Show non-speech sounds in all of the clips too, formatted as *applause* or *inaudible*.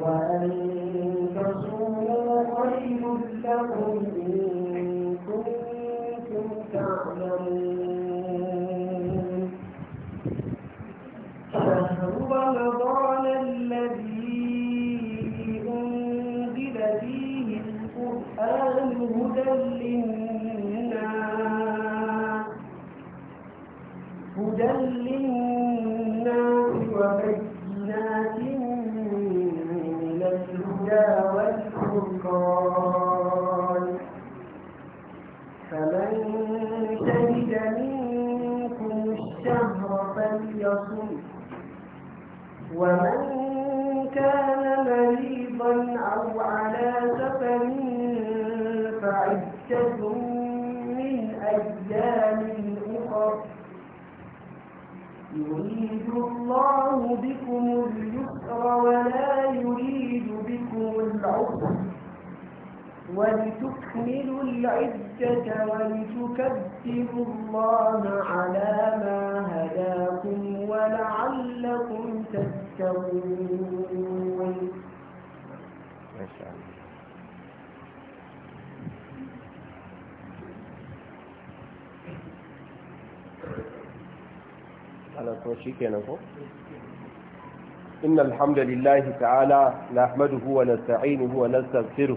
وأن تصوموا خير لكم إن كنتم تعلمون وتكملوا العدة ولتكبروا الله على ما هداكم ولعلكم تتقون على إن الحمد لله تعالى نحمده ونستعينه ونستغفره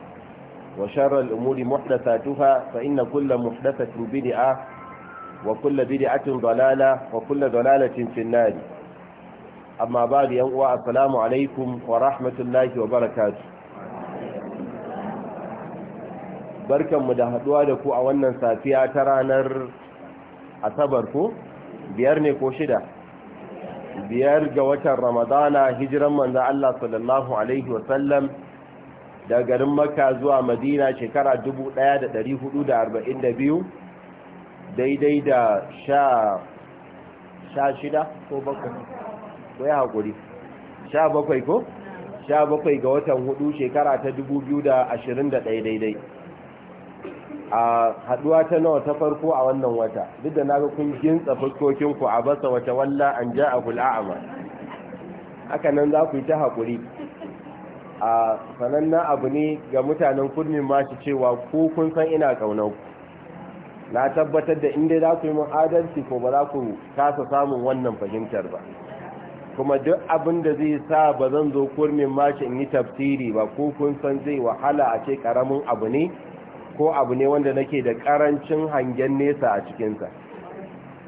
وشر الأمور محدثاتها فإن كل محدثة بدعة وكل بدعة ضلالة وكل ضلالة في النار أما بعد يوم السلام عليكم ورحمة الله وبركاته barkan mu da haduwa da ku a wannan safiya ta ranar asabar ko biyar ne ko shida biyar ga watan ramadana hijiran manzo Allah sallallahu alaihi da garin makka zuwa madina shekara 1442 daidai da sha shida ko bakwai ko ya haƙuri sha bakwai ko sha bakwai ga watan hudu shekara ta 2021 daidai a haduwa ta nawa ta farko a wannan wata duk da naga kun gintsa fuskokinku a basa wata walla an ja a kula'ama haka nan za ku yi ta haƙuri a sananna abu ne ga mutanen kurmin mashi cewa ko kun san ina ƙaunar na tabbatar da inda za ku yi mun adalci ko ba za ku kasa samun wannan fahimtar ba kuma duk abin da zai sa ba zan zo kurmin mashi in yi tafsiri ba ko kun san zai wahala a ce karamin abu ne ko abu ne wanda nake da karancin hangen nesa a cikinsa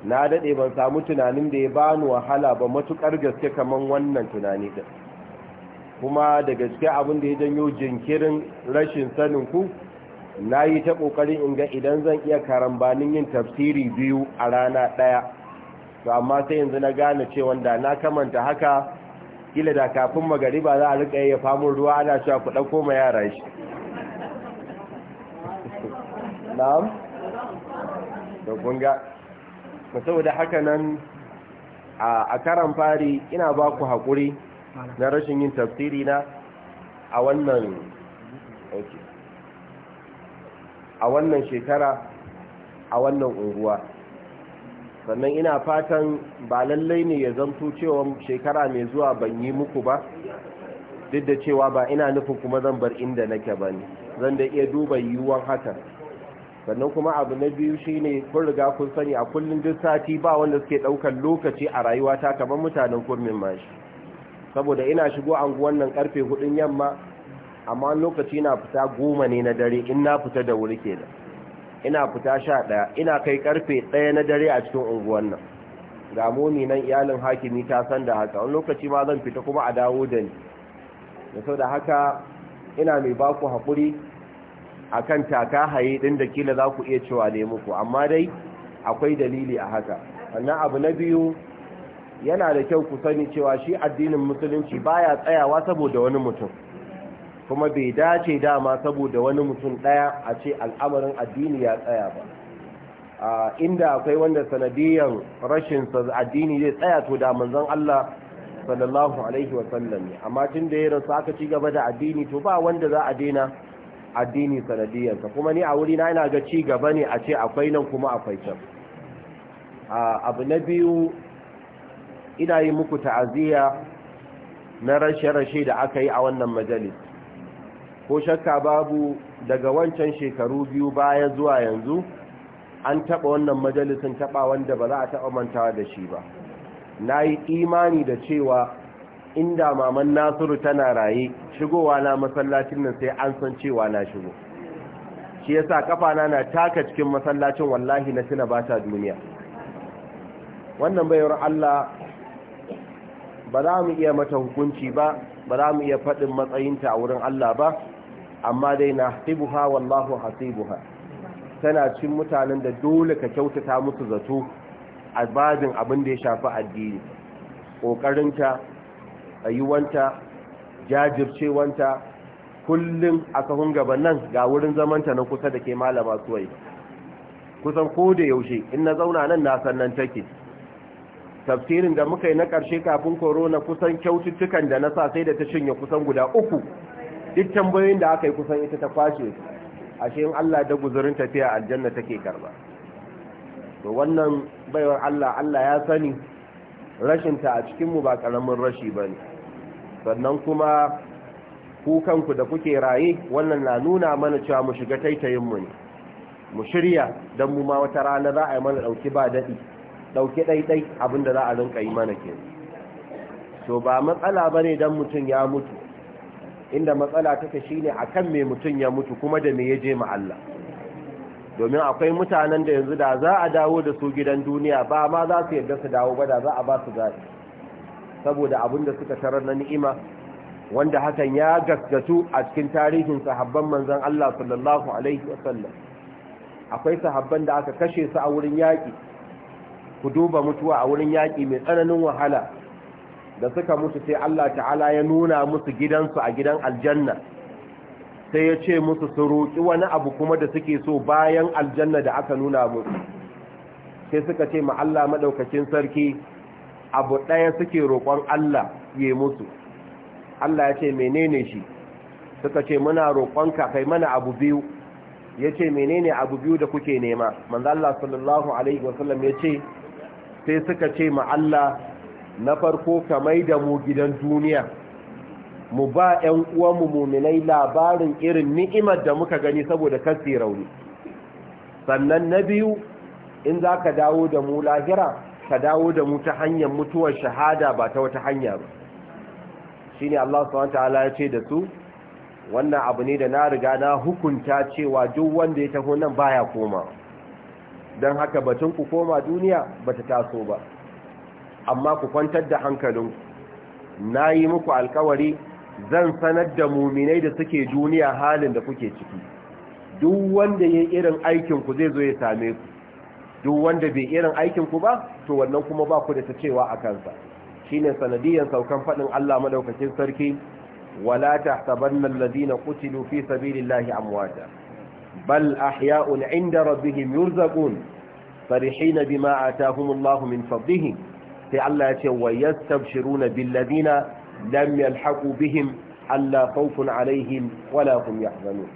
na daɗe ban samu tunanin da ya bani wahala ba matuƙar gaske kamar wannan tunani din kuma da gaske abin da ya janyo jinkirin rashin sanin ku na yi ta ƙoƙarin in ga idan zan iya karambanin yin tafsiri biyu a rana ɗaya to amma sai yanzu na gane cewa da na kamanta haka kila da kafin ba za a rika ya famun ruwa ana cewa ku ɗauko ma yara shi *laughs* na'am da kunga saboda haka nan a karan fari ina ba ku haƙuri na rashin yin tafsiri na a wannan a wannan shekara a wannan unguwa sannan ina fatan ba lallai ne ya zanto cewa shekara mai zuwa ban yi muku ba duk da cewa ba ina nufin kuma zan bar inda nake ba ne zan da iya duba yiwuwan haka. sannan kuma abu na biyu shine kun riga kun sani a kullum duk sati ba wanda suke ɗaukar lokaci a rayuwata kamar mutanen kurmin mashi saboda ina shigo anguwan wannan karfe hudun yamma amma lokaci na fita goma ne na dare in na fita da wuri ke da ina fita sha ɗaya ina kai karfe ɗaya na dare a cikin unguwan nan ga moni nan iyalin hakimi ta san da haka wani lokaci ma zan fita kuma a dawo da ni da sau da haka ina mai ba ku haƙuri a kan taka haye ɗin da kila za ku iya cewa ne muku amma dai akwai dalili a haka wannan abu na biyu yana da kyau ku sani cewa shi addinin musulunci baya tsayawa saboda wani mutum kuma bai dace dama saboda wani mutum ɗaya a ce al'amarin addini ya tsaya ba inda akwai wanda sanadiyan rashin addini zai tsaya to da manzon Allah sallallahu alaihi wa sallam ne amma tun da ya rasu aka ci gaba da addini to ba wanda za a daina addini sanadiyyarsa kuma ni a wuri na ina ga ci gaba ne a ce akwai nan kuma akwai can abu na biyu ina yi muku ta'aziyya na rashe-rashe da aka yi a wannan majalis ko shakka babu daga wancan shekaru biyu baya zuwa yanzu an taba wannan majalisun taɓa wanda ba za a taba mantawa da shi ba na yi imani da cewa inda maman nasiru tana raye shigowa na masallacin nan sai an san cewa na shigo shi yasa kafana na taka cikin masallacin wallahi na tuna ba ta duniya wannan bayar Allah ba za mu iya mata hukunci ba ba za mu iya faɗin matsayinta a wurin Allah ba amma dai na hasibuha wallahu hasibuha tana cin mutanen da dole ka kyautata musu zato a bazin abin da ya shafi addini ƙoƙarinta ayyuwanta jajircewanta kullum a hunga gaba nan ga wurin zamanta na kusa da ke malama suwai kusan ko da yaushe in na zauna nan na sannan take tafsirin da muka yi na ƙarshe kafin korona kusan kyaututtukan da na sa sai da ta cinye kusan guda uku duk tambayoyin da aka yi kusan ita ta kwashe ashe in Allah da guzurin tafiya aljanna take karba to wannan baiwar Allah Allah ya sani rashinta a cikin mu ba karamin rashi bane sannan kuma kukanku da kuke raye wannan na nuna mana cewa mu shiga taitayin mu ne mu shirya dan mu ma wata rana za a yi mana ɗauki ba daɗi. ɗauke ɗaiɗai abinda za a rinka yi mana ke To ba matsala bane ne don mutum ya mutu inda matsala take shine ne a kan mai mutum ya mutu kuma da mai ya je Allah. domin akwai mutanen da yanzu da za a dawo da su gidan duniya ba ma za su yadda su dawo ba da za a ba su zaɓi saboda abinda suka tarar na ni'ima wanda hakan ya gaskatu a cikin tarihin sahabban manzon Allah sallallahu alaihi wasallam akwai sahabban da aka kashe su a wurin yaƙi ku duba mutuwa a wurin yaƙi mai tsananin wahala da suka mutu sai Allah ta'ala ya nuna musu gidansu a gidan aljanna sai ya ce musu su roƙi wani abu kuma da suke so bayan aljanna da aka nuna musu sai suka ce ma Allah maɗaukacin sarki abu ɗaya suke roƙon Allah ya musu Allah ya ce menene shi suka ce muna roƙonka kai mana abu biyu ya ce menene abu biyu da kuke nema manzo Allah sallallahu alaihi wasallam ya ce sai suka ce ma Allah na farko ka mai da mu gidan duniya mu ba 'yan uwanmu muminai labarin irin ni'imar da muka gani saboda kasi rauni sannan na biyu in za ka dawo da mu lahira ka dawo da mu ta hanyar mutuwar shahada ba ta wata hanya ba shi ne Allah ta'ala ya ce da su wannan abu ne da na riga na hukunta cewa duk wanda ya taho nan baya komawa don haka batun ku koma duniya ba ta taso ba amma ku kwantar da hankalinku na yi muku alkawari zan sanar da muminai da suke duniya halin da kuke ciki duk wanda ya irin aikinku zai zo ya same ku duk wanda bai irin aikin ku ba to wannan kuma ba ku da ta cewa a kansa shine sanadiyan saukan faɗin Allah madaukakin sarki wala tahtabanna alladhina qutilu fi sabilillahi amwata bal ahya'un 'inda rabbihim yurzaqun farihina bima atahumullahu min fadlihi sai Allah ya ce wa yastabshiruna bil ladina lam yalhaqu bihim alla khawfun 'alayhim wala hum yahzanun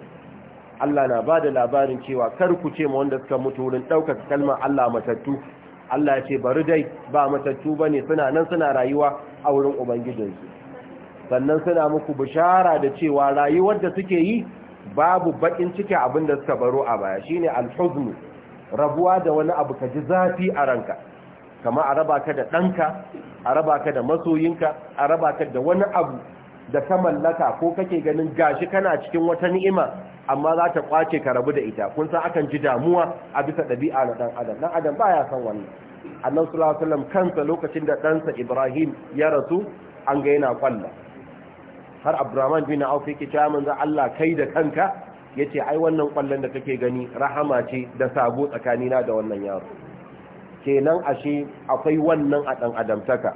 Allah na bada labarin cewa kar ku ce ma wanda suka mutu wurin daukar kalmar Allah matattu Allah ya ce bari dai ba matattu bane suna nan suna rayuwa a wurin ubangijinsu sannan suna muku bishara da cewa rayuwar da suke yi babu bakin ciki abin da suka baro a baya shine alhuznu rabuwa da wani abu ka ji zafi a ranka kama a raba ka da ɗanka a raba ka da masoyinka a raba ka da wani abu da ka mallaka ko kake ganin gashi kana cikin wata ni'ima amma za ta kwace ka rabu da ita kun san akan ji damuwa a bisa ɗabi'a na ɗan adam ɗan adam baya san wannan annabi sallallahu alaihi wasallam kansa lokacin da ɗansa ibrahim ya rasu an ga yana kwalla har abdurrahman bin auf yake cewa manzo Allah kai da kanka yace ai wannan kwallon da kake gani rahama ce da sabo tsakanina da wannan yaro kenan ashe akwai wannan a dan adamtaka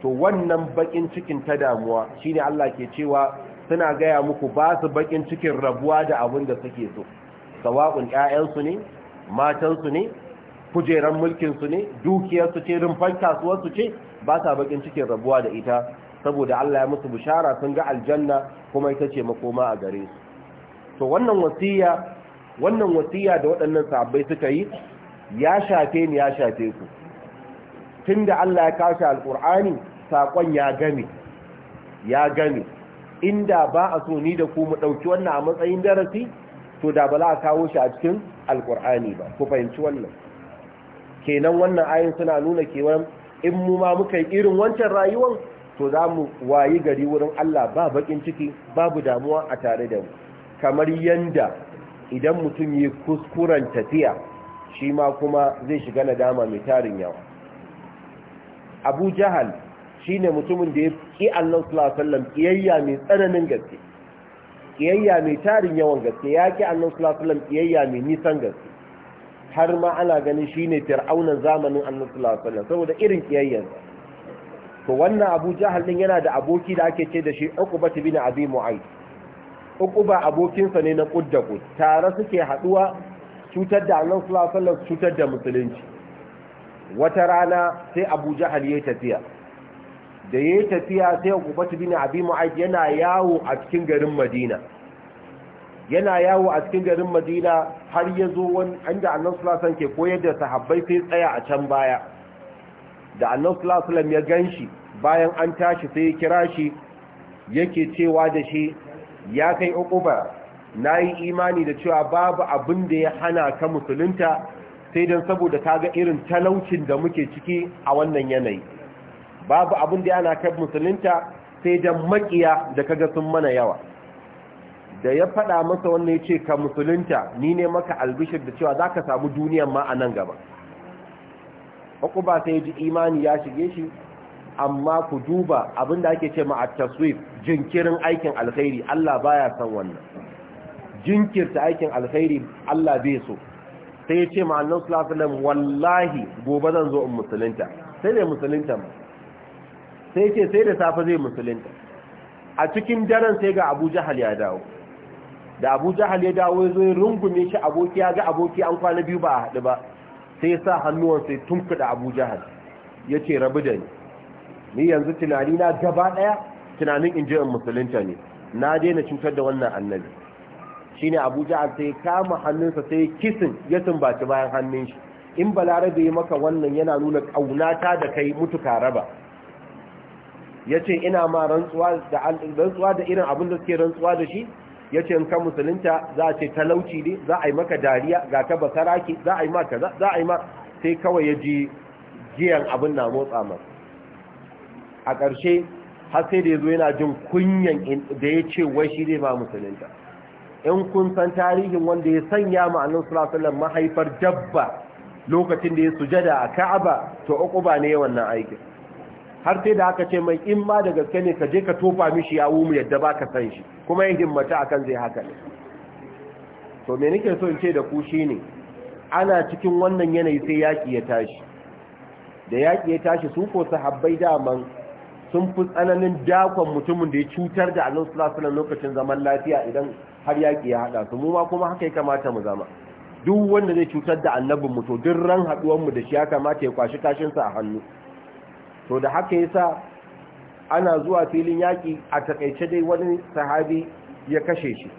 to wannan bakin cikin ta damuwa shine Allah ke cewa suna gaya muku ba su bakin cikin rabuwa da abin da suke so sawa'un ƴaƴansu ne matansu ne kujeran mulkinsu ne dukiyarsu ce rumfan kasuwarsu ce ba sa bakin cikin rabuwa da ita saboda Allah ya musu bishara sun ga aljanna kuma ita ce makoma a gare su to wannan wasiya wannan wasiya da waɗannan sahabbai suka yi ya shafe ni ya shafe ku tunda Allah ya kashe alqur'ani sakon ya game ya game inda ba a so ni da ku mu dauki wannan a matsayin darasi to da bala a kawo shi a cikin alqur'ani ba ku fahimci wannan kenan wannan ayin suna nuna kewan in mu ma muka yi irin wancan rayuwar to za mu wayi gari wurin Allah ba bakin ciki babu damuwa a tare da mu kamar yanda idan mutum yi kuskuren tafiya shi ma kuma zai shiga nadama mai tarin yawa abu jahal shi ne mutumin da ya ƙi allon sulasallam ƙiyayya mai tsananin gaske ƙiyayya mai tarin yawan gaske ya ƙi allon sulasallam ƙiyayya mai nisan gaske har ma ana ganin shi ne fir'aunan zamanin allon sulasallam saboda irin ƙiyayyarsa to wannan abu jahal din yana da aboki da ake ce da shi uquba bin abi mu'ayd uquba abokinsa ne na kudda kud tare suke haduwa cutar da annabi sallallahu alaihi wasallam cutar da musulunci wata rana sai abu jahal yayi tafiya da yayi tafiya sai uquba bin abi mu'ayd yana yawo a cikin garin madina yana yawo a cikin garin madina har ya zo wani inda annabi sallallahu alaihi wasallam ke koyar da sahabbai sai tsaya a can baya da annabi sallallahu alaihi ya ganshi bayan an tashi sai ya kira shi yake cewa da shi ya kai na nayi imani da cewa babu abin da ya hana ka musulunta sai dan saboda kaga irin talaucin da muke ciki a wannan yanayi babu abin da ya hana ka musulunta sai dan makiya da ka ga sun mana yawa da ya faɗa masa wannan ya ce ka musulunta ni ne maka albishir da cewa za ka samu duniyan ma a nan gaba ba sai ji imani ya shige shi amma ku duba abinda ake ce ma at-taswif jinkirin aikin alkhairi Allah baya son wannan jinkirta aikin alkhairi Allah bai so sai ya ce ma annabi sallallahu alaihi wasallam wallahi gobe zan zo in musulunta sai dai musulunta ma sai ce sai da safe zai musulunta a cikin daren sai ga Abu Jahal ya dawo da Abu Jahal ya dawo ya zo ya rungume shi aboki ya ga aboki an kwana biyu ba a haɗu ba sai ya sa hannuwansa ya tumfuda abu jahal ya ce rabu da ni ni yanzu tunani na gaba ɗaya tunanin in musulunta ne na daina cutar da wannan annabi shine abu jahal sai kama hannunsa sai kisin ya tumbaci bayan hannun shi in balarabe maka wannan yana nuna ƙaunata da kai mutuka raba ya ce ina ma rantsuwa da irin abin da suke rantsuwa da shi ya ce in ka musulunta za a ce talauci ne za a yi maka dariya ga ka basaraki za a yi maka za a yi ma sai kawai ya ji giyan abin na motsa ma a ƙarshe har sai da ya zo yana jin kunyan da ya ce wai shi ne ma musulunta in kun san tarihin wanda ya sanya ma annan sulasulan mahaifar dabba lokacin da ya sujada a ka'aba to uku ba ne wannan aikin har sai da aka ce mai in ma da gaske ne ka je ka tofa mishi ya wumu yadda ba ka san shi kuma yin himmata akan zai haka ne to me nake so in ce da ku ne? ana cikin wannan yanayi sai yaki ya tashi da yaki ya tashi su ko sahabbai daman sun fi tsananin dakon mutumin da ya cutar da allah sallallahu alaihi lokacin zaman lafiya idan har yaki ya hada su mu ma kuma haka ya kamata mu zama duk wanda zai cutar da annabin mu to duk ran haduwan mu da shi ya kamata ya kwashi kashin sa a hannu to da haka yasa ana zuwa filin yaki a takaice dai wani sahabi ya kashe shi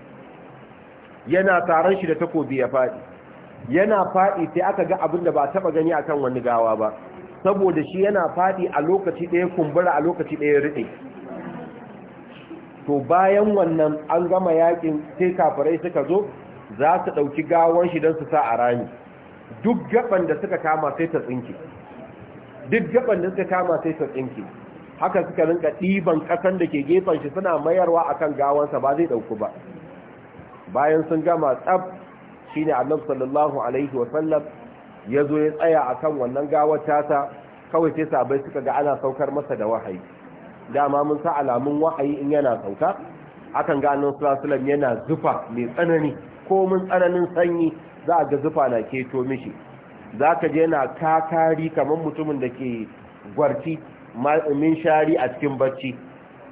yana taron shi da takobi ya faɗi yana faɗi sai aka ga abin da ba a taba gani akan wani gawa ba saboda shi yana faɗi a lokaci ɗaya kumbura a lokaci ɗaya riɗe to bayan wannan an gama yakin sai kafirai suka zo za su ɗauki gawar shi don su sa a rami duk gaban da suka kama sai ta tsinke duk gaban da suka kama sai su tsinke haka suka rinka ɗiban ƙasan da ke gefen shi suna mayarwa akan gawansa ba zai ɗauku ba bayan sun gama tsab shine annabi sallallahu alaihi wa sallam ya zo ya tsaya akan wannan gawar tasa kawai sai sabai suka ga ana saukar masa da wahayi dama mun sa alamun wahayi in yana sauka akan ga annabi sallallahu yana zufa mai tsanani ko mun tsananin sanyi za a ga zufa na keto mishi za ka je na kakari kamar mutumin da ke gwarci min shari a cikin bacci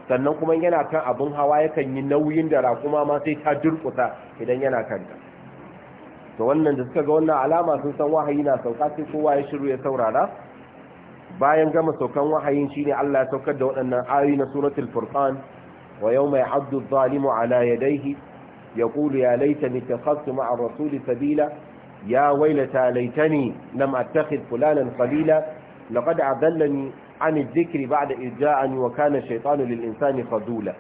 sannan kuma yana kan abin hawa yakan yi nauyin da raƙuma ma sai ta durƙusa idan yana kanta to wannan da suka ga wannan alama sun san wahayi na sauka sai kowa ya shiru ya saurara bayan gama saukan wahayin shine Allah ya saukar da waɗannan ayoyi na suratul furqan wa yawma ya'addu adh-dhalimu ala yadayhi yaqulu ya laitani takhassu ma'a ar-rasuli sabila يا ويلتى ليتني لم أتخذ فلانا قليلا لقد أضلني عن الذكر بعد إذ جاءني وكان lil insani fadula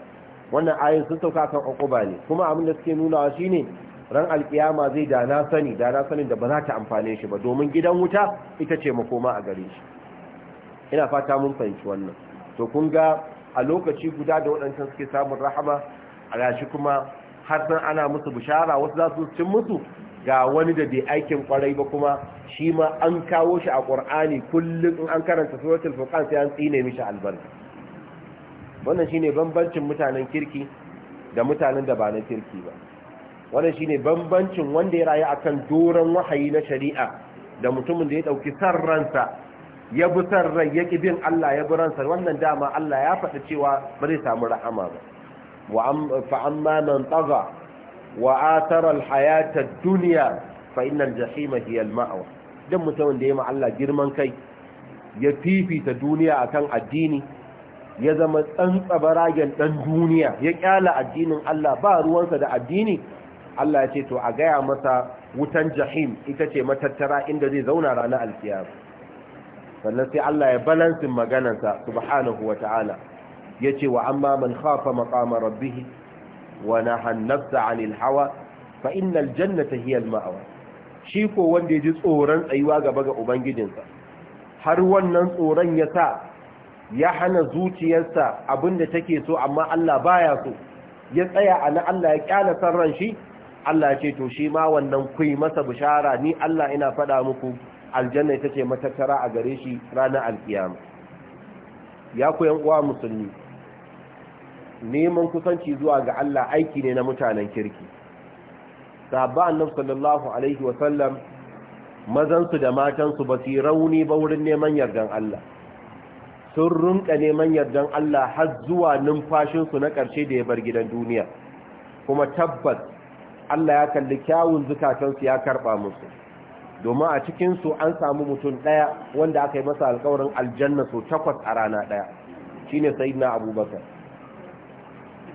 wannan ayin sun sauka kan ukuba ne kuma abin da suke nuna shi ne ran alkiyama zai da na sani da na sani da ba za ta amfane shi ba domin gidan wuta ita ce makoma a gare shi ina fata mun fahimci wannan to kun ga a lokaci guda da waɗancan suke samun rahama a yashi kuma har san ana musu bishara wasu za su cin musu ga wani da bai aikin kwarai ba kuma shi ma an kawo shi a ƙur'ani kullum in an karanta suratul furqan sai an tsine mishi albarka wannan shine bambancin mutanen kirki da mutanen da ba na kirki ba wannan shine bambancin wanda ya rayu a kan doron wahayi na shari'a da mutumin da ya ɗauki san ransa ya bi san rai ya ki bin Allah ya bi ransa wannan dama Allah ya faɗi cewa ba zai samu rahama ba wa amma man tagha وآثر الحياة الدنيا فإن jahima هي المأوى dan mutumin da ya ma Allah girman kai ya fifita duniya akan addini ya zama ɗan tsabaragen ɗan duniya ya kyala addinin Allah ba ruwansa da addini Allah ya ce to a gaya masa wutan jahim ita ce matattara inda zai zauna ranar alkiyama sannan sai Allah ya balansin maganarsa subhanahu wata'ala yace wa amma man khafa maqama rabbih ونهى النفس عن الهوى فإن الجنة هي المأوى shi ko wanda ya ji tsoron tsayuwa gaba ga ubangijinsa har wannan tsoron ya sa ya hana zuciyarsa abinda take so amma Allah baya so ya tsaya a na Allah ya kyala san ran shi Allah ya ce to shi ma wannan kui masa bishara ni Allah ina faɗa muku aljanna ita ce matattara a gare shi ranar alkiyama ya ku yan uwa musulmi neman kusanci zuwa ga Allah aiki ne na mutanen kirki sahabba annabi sallallahu alaihi wasallam mazansu da matansu ba su rauni ba wurin neman yardan Allah sun rinka neman yardan Allah har zuwa numfashinsu na ƙarshe da ya bar gidan duniya kuma tabbas Allah ya kalli kyawun zukatansu ya karɓa musu domin a cikinsu an samu mutum ɗaya wanda aka yi masa alƙawarin aljanna so takwas a rana ɗaya shine sayyidina abubakar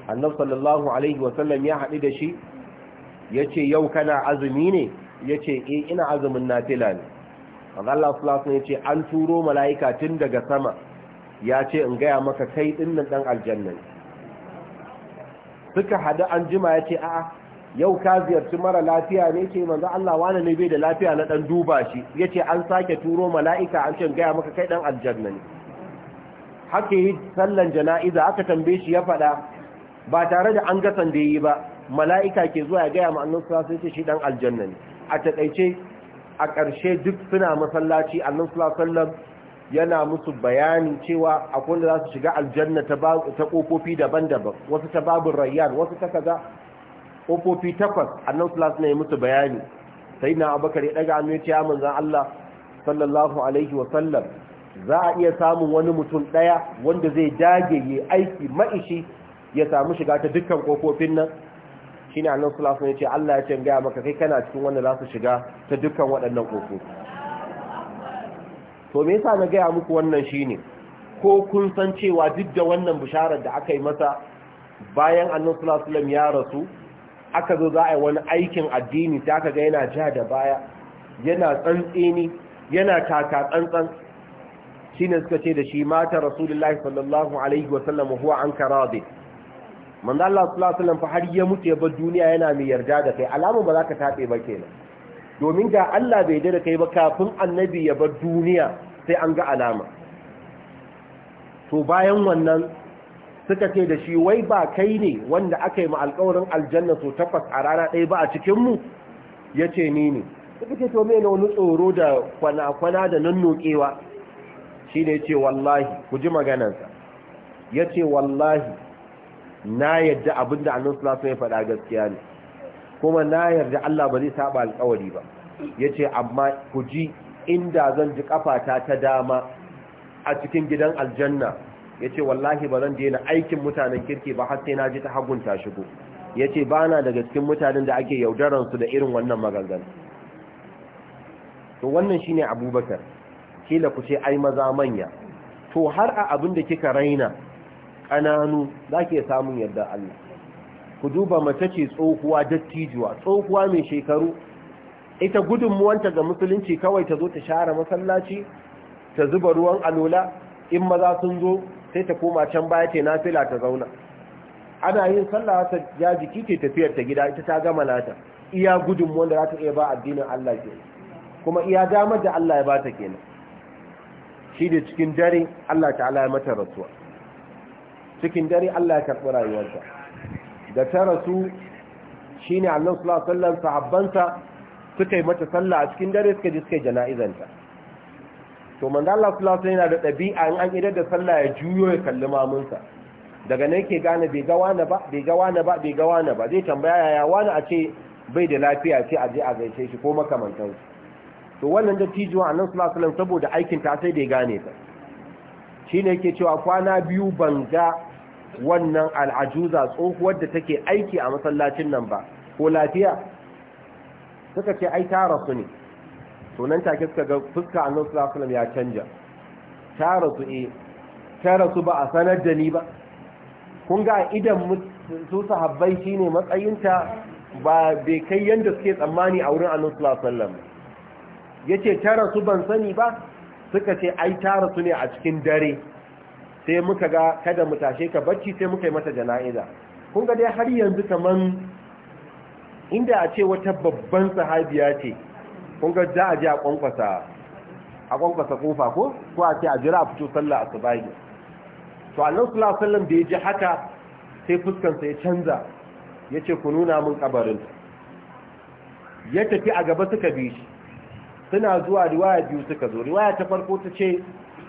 annabi sallallahu alaihi wasallam ya haɗu da shi ya ce yau kana azumi ne Ya ce e ina azumin nafila ne Allah sallallahu alaihi yace an turo mala'ika tun daga sama Ya ce in gaya maka kai dinnan ɗan aljanna suka haɗu an jima ce a'a yau ka ziyarci mara lafiya ne ce manzo Allah wani ne bai da lafiya na ɗan duba shi Ya ce an sake turo mala'ika an ce in gaya maka kai ɗan aljanna ne haka yi sallan jana'iza aka tambaye shi ya faɗa. ba tare da an gasan da yi ba mala'ika ke zuwa ya gaya ma'annan sulasun ce shi ɗan aljanna ne a taƙaice a ƙarshe duk suna masallaci annan nan yana musu bayani cewa akwai da za su shiga aljanna ta ƙofofi daban-daban wasu ta babin rayyan wasu ta kaza ƙofofi takwas annan sulasun ne musu bayani sai na abakar ya ɗaga amince ya ce ya manzan allah sallallahu alaihi wasallam za a iya samun wani mutum ɗaya wanda zai dage yi aiki ma'ishi ya samu shiga ta dukkan kofofin nan Shi ne annan alaihi ya ce Allah ya can gaya maka kai kana cikin wanda za su shiga ta dukkan waɗannan kofofi to me yasa na gaya muku wannan shine ko kun san cewa duk da wannan bisharar da aka yi masa bayan annan sallallahu ya rasu aka zo za a yi wani aikin addini sai aka ga yana ja da baya yana tsantseni yana taka tsantsan shine suka ce da shi mata rasulullahi sallallahu alaihi wasallam huwa an manzo Allah sallallahu alaihi wasallam fa har ya mutu ya bar duniya yana mai yarda da kai alama ba za ka tabe ba kenan domin ga Allah bai yarda da kai ba kafin annabi ya bar duniya sai an ga alama to bayan wannan suka ce da shi wai ba kai ne wanda aka yi ma alƙawarin aljanna so takwas a rana ɗaya ba a cikin mu yace ni ne suka ce to ne wani tsoro da kwana-kwana da nan nokewa shi yace wallahi ku ji maganarsa ya ce wallahi na yadda abin da annon sallallahu ya faɗa gaskiya ne kuma na yarda Allah ba zai saba alƙawari ba yace amma ku ji inda zan ji kafata ta dama a cikin gidan aljanna yace wallahi ba zan daina aikin mutanen kirki ba har sai na ji ta hagun ta shigo yace bana daga cikin mutanen da ake yaudararsu da irin wannan maganganu to wannan shine Abubakar kila ku ce ai maza manya to har a abin da kika raina ƙananu za ke samun yadda Allah ku duba mace ce tsohuwa dattijuwa tsohuwa mai shekaru ita gudunmuwanta ga musulunci kawai ta zo ta share masallaci ta zuba ruwan alola in maza sun zo sai ta koma can baya ce nafila ta zauna ana yin sallah ta jiki ke tafiyar gida ita ta gama nata iya gudunmuwan da za ta ba addinin Allah ke kuma iya damar da Allah ya ba kenan shi da cikin dare Allah ta'ala ya mata rasuwa cikin dare Allah ya karɓi rayuwarsa da ta rasu shi ne annan sulasallan sahabbansa suka yi mata sallah a cikin dare suka ji suka yi jana'izanta to manzo Allah sulasallan yana da ɗabi'a in an idar da sallah ya juyo ya kalli mamunsa daga nan yake gane bai ga wani ba bai ga wani ba bai ga wani ba zai tambaya yaya wani a ce bai da lafiya ce a je a gaishe shi ko makamantan to wannan dattijuwa annan sulasallan saboda aikin ta sai da ya gane ta Shi shine yake cewa kwana biyu ban wannan al'ajuza tsohuwar da take aiki a masallacin nan ba ko lafiya suka ce ai ta rasu ne to nan take suka ga fuska annabi sallallahu alaihi ya canja ta rasu eh ta rasu ba a sanar da ni ba kun ga idan su sahabbai shine matsayinta ba bai kai yanda suke tsammani a wurin annabi sallallahu alaihi wasallam yace ta rasu ban sani ba suka ce ai ta rasu ne a cikin dare sai muka ga kada mu tashe ka bacci sai muka yi mata jana'iza kun ga dai har yanzu kaman inda a ce wata babban sahabiya ce kun ga za a je a kwankwasa a kwankwasa kofa ko ko a ce a jira a fito sallah asubahi to annabi sallallahu alaihi wasallam da ya ji haka sai sa ya canza yace ku nuna min kabarin ya tafi a gaba suka bi shi suna zuwa riwaya biyu suka zo riwaya ta farko ta ce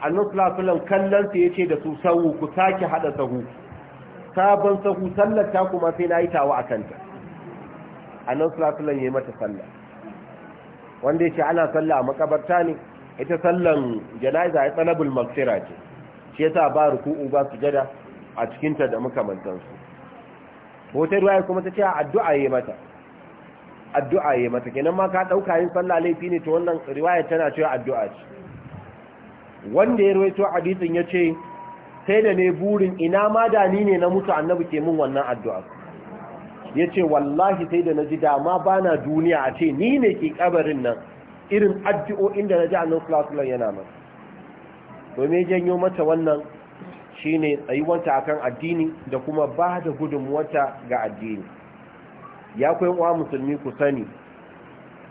annabi sallallahu kallon ya ce da su sahu ku sake hada sahu sabon sahu sallar kuma sai na yi tawa akan ta annabi sallallahu alaihi yayi mata sallah wanda ce ana sallah a makabarta ne ita sallan jana'iza ya talabul maghfira ce shi yasa ba ruku'u ba sujada a cikin ta da makamantan su wata ruwaya kuma ta ce addu'a yayi mata addu'a yayi mata kenan ma ka dauka yin sallah laifi ne to wannan riwaya tana cewa addu'a ce wanda ya rawaito hadisin yace sai da ne burin ina ma da ni ne na mutu annabi ke min wannan addu'a yace wallahi sai da naji dama bana duniya a ce ni ne ke kabarin nan irin addu'o'in da naji annabi sallallahu alaihi yana mana to me janyo mata wannan shine tsayuwanta akan addini da kuma ba da gudunmuwarta ga addini ya koyan uwa musulmi ku sani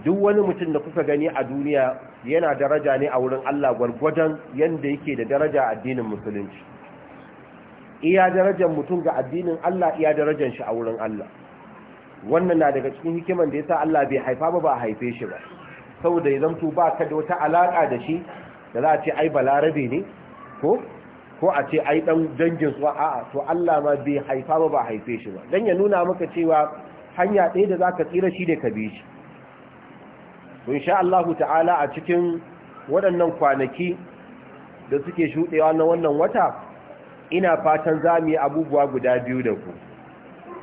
duk wani mutum da kuka gani a duniya yana daraja ne a wurin Allah gwargwadon yadda yake da daraja addinin musulunci iya darajar mutum ga addinin Allah iya darajar shi a wurin Allah wannan na daga cikin hikiman da ya sa Allah bai haifa ba ba haife shi ba saboda ya zamtu ba ka da wata alaka da shi da za a ce ai balarabe ne ko ko a ce ai dan dangin su a to Allah ma bai haifa ba ba haife shi ba dan ya nuna maka cewa hanya ɗaya da zaka tsira shi da ka bi shi to insha Allah ta'ala a cikin waɗannan kwanaki da suke shuɗewa na wannan wata ina fatan za mu yi abubuwa guda biyu da ku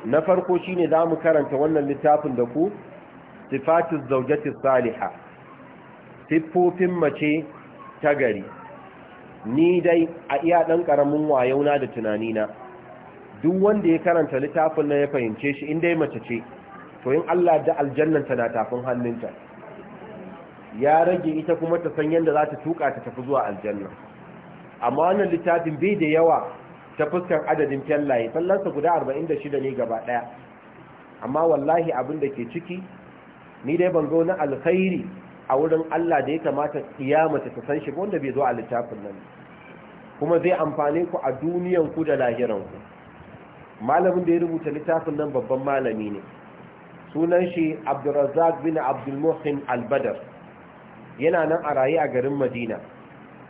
na farko shine za mu karanta wannan littafin da ku sifatis zaujati saliha siffofin mace ta gari ni dai a iya ɗan ƙaramin wayona da tunani na. duk wanda ya karanta littafin na ya fahimce shi in dai mace ce to in Allah da aljannanta na tafin hannunta ya rage ita kuma ta san yadda za ta tuka ta tafi zuwa aljanna amma wannan littafin bai da yawa ta fuskar adadin kyallaye sallansa guda 46 ne gaba daya amma wallahi abin da ke ciki ni dai ban zo na alkhairi a wurin Allah da ya kamata kiyamata ta san shi wanda bai zo a littafin nan kuma zai amfane ku a duniyan ku da lahiran ku malamin da ya rubuta littafin nan babban malami ne sunan shi Abdurrazzaq bin Abdul Muhsin Al-Badr yana nan a raye a garin madina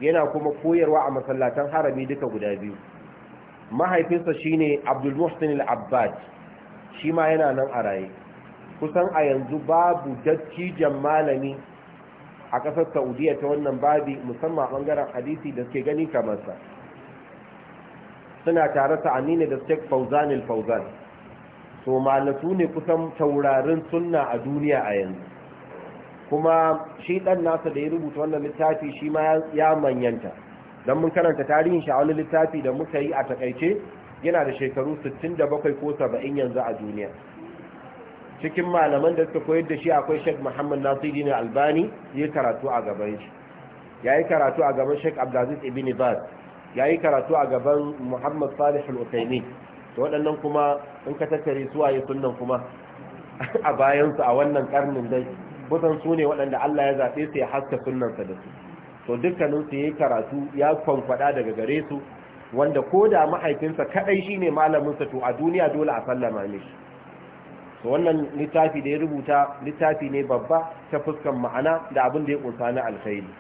yana kuma koyarwa a masallatan harami duka guda biyu mahaifinsa shine abdul muhsin al-abbad shi ma yana nan a raye kusan a yanzu babu dattijan malami a ƙasar saudiya ta wannan babi musamman ɓangaren hadisi da suke gani kamar sa suna tare sa amina da sheikh fauzan al-fauzan so malatu ne kusan taurarin sunna a duniya a yanzu kuma shi dan nasa da ya rubuta wannan littafi shi ma ya manyanta don mun karanta tarihin shi a wani littafi da muka yi a takaice yana da shekaru 67 ko 70 yanzu a duniya cikin malaman da suka koyar da shi akwai Sheikh Muhammad Nasiri ne Albani ya yi karatu a gaban shi ya yi karatu a gaban Sheikh Abdulaziz Ibn ya yi karatu a gaban Muhammad Salih Al-Uthaymeen to waɗannan kuma in ka tattare su waye sunnan kuma *laughs* a bayansu a wannan karnin dai kusan su ne waɗanda Allah ya zaɓe su ya haska sunansa da su to dukkanin su yayi karatu ya kwankwada daga gare su wanda ko da mahaifinsa kaɗai shine malamin sa to a duniya dole a sallama mishi to wannan littafi da ya rubuta littafi ne babba ta fuskan ma'ana da abin da ya ƙunsa na alkhairi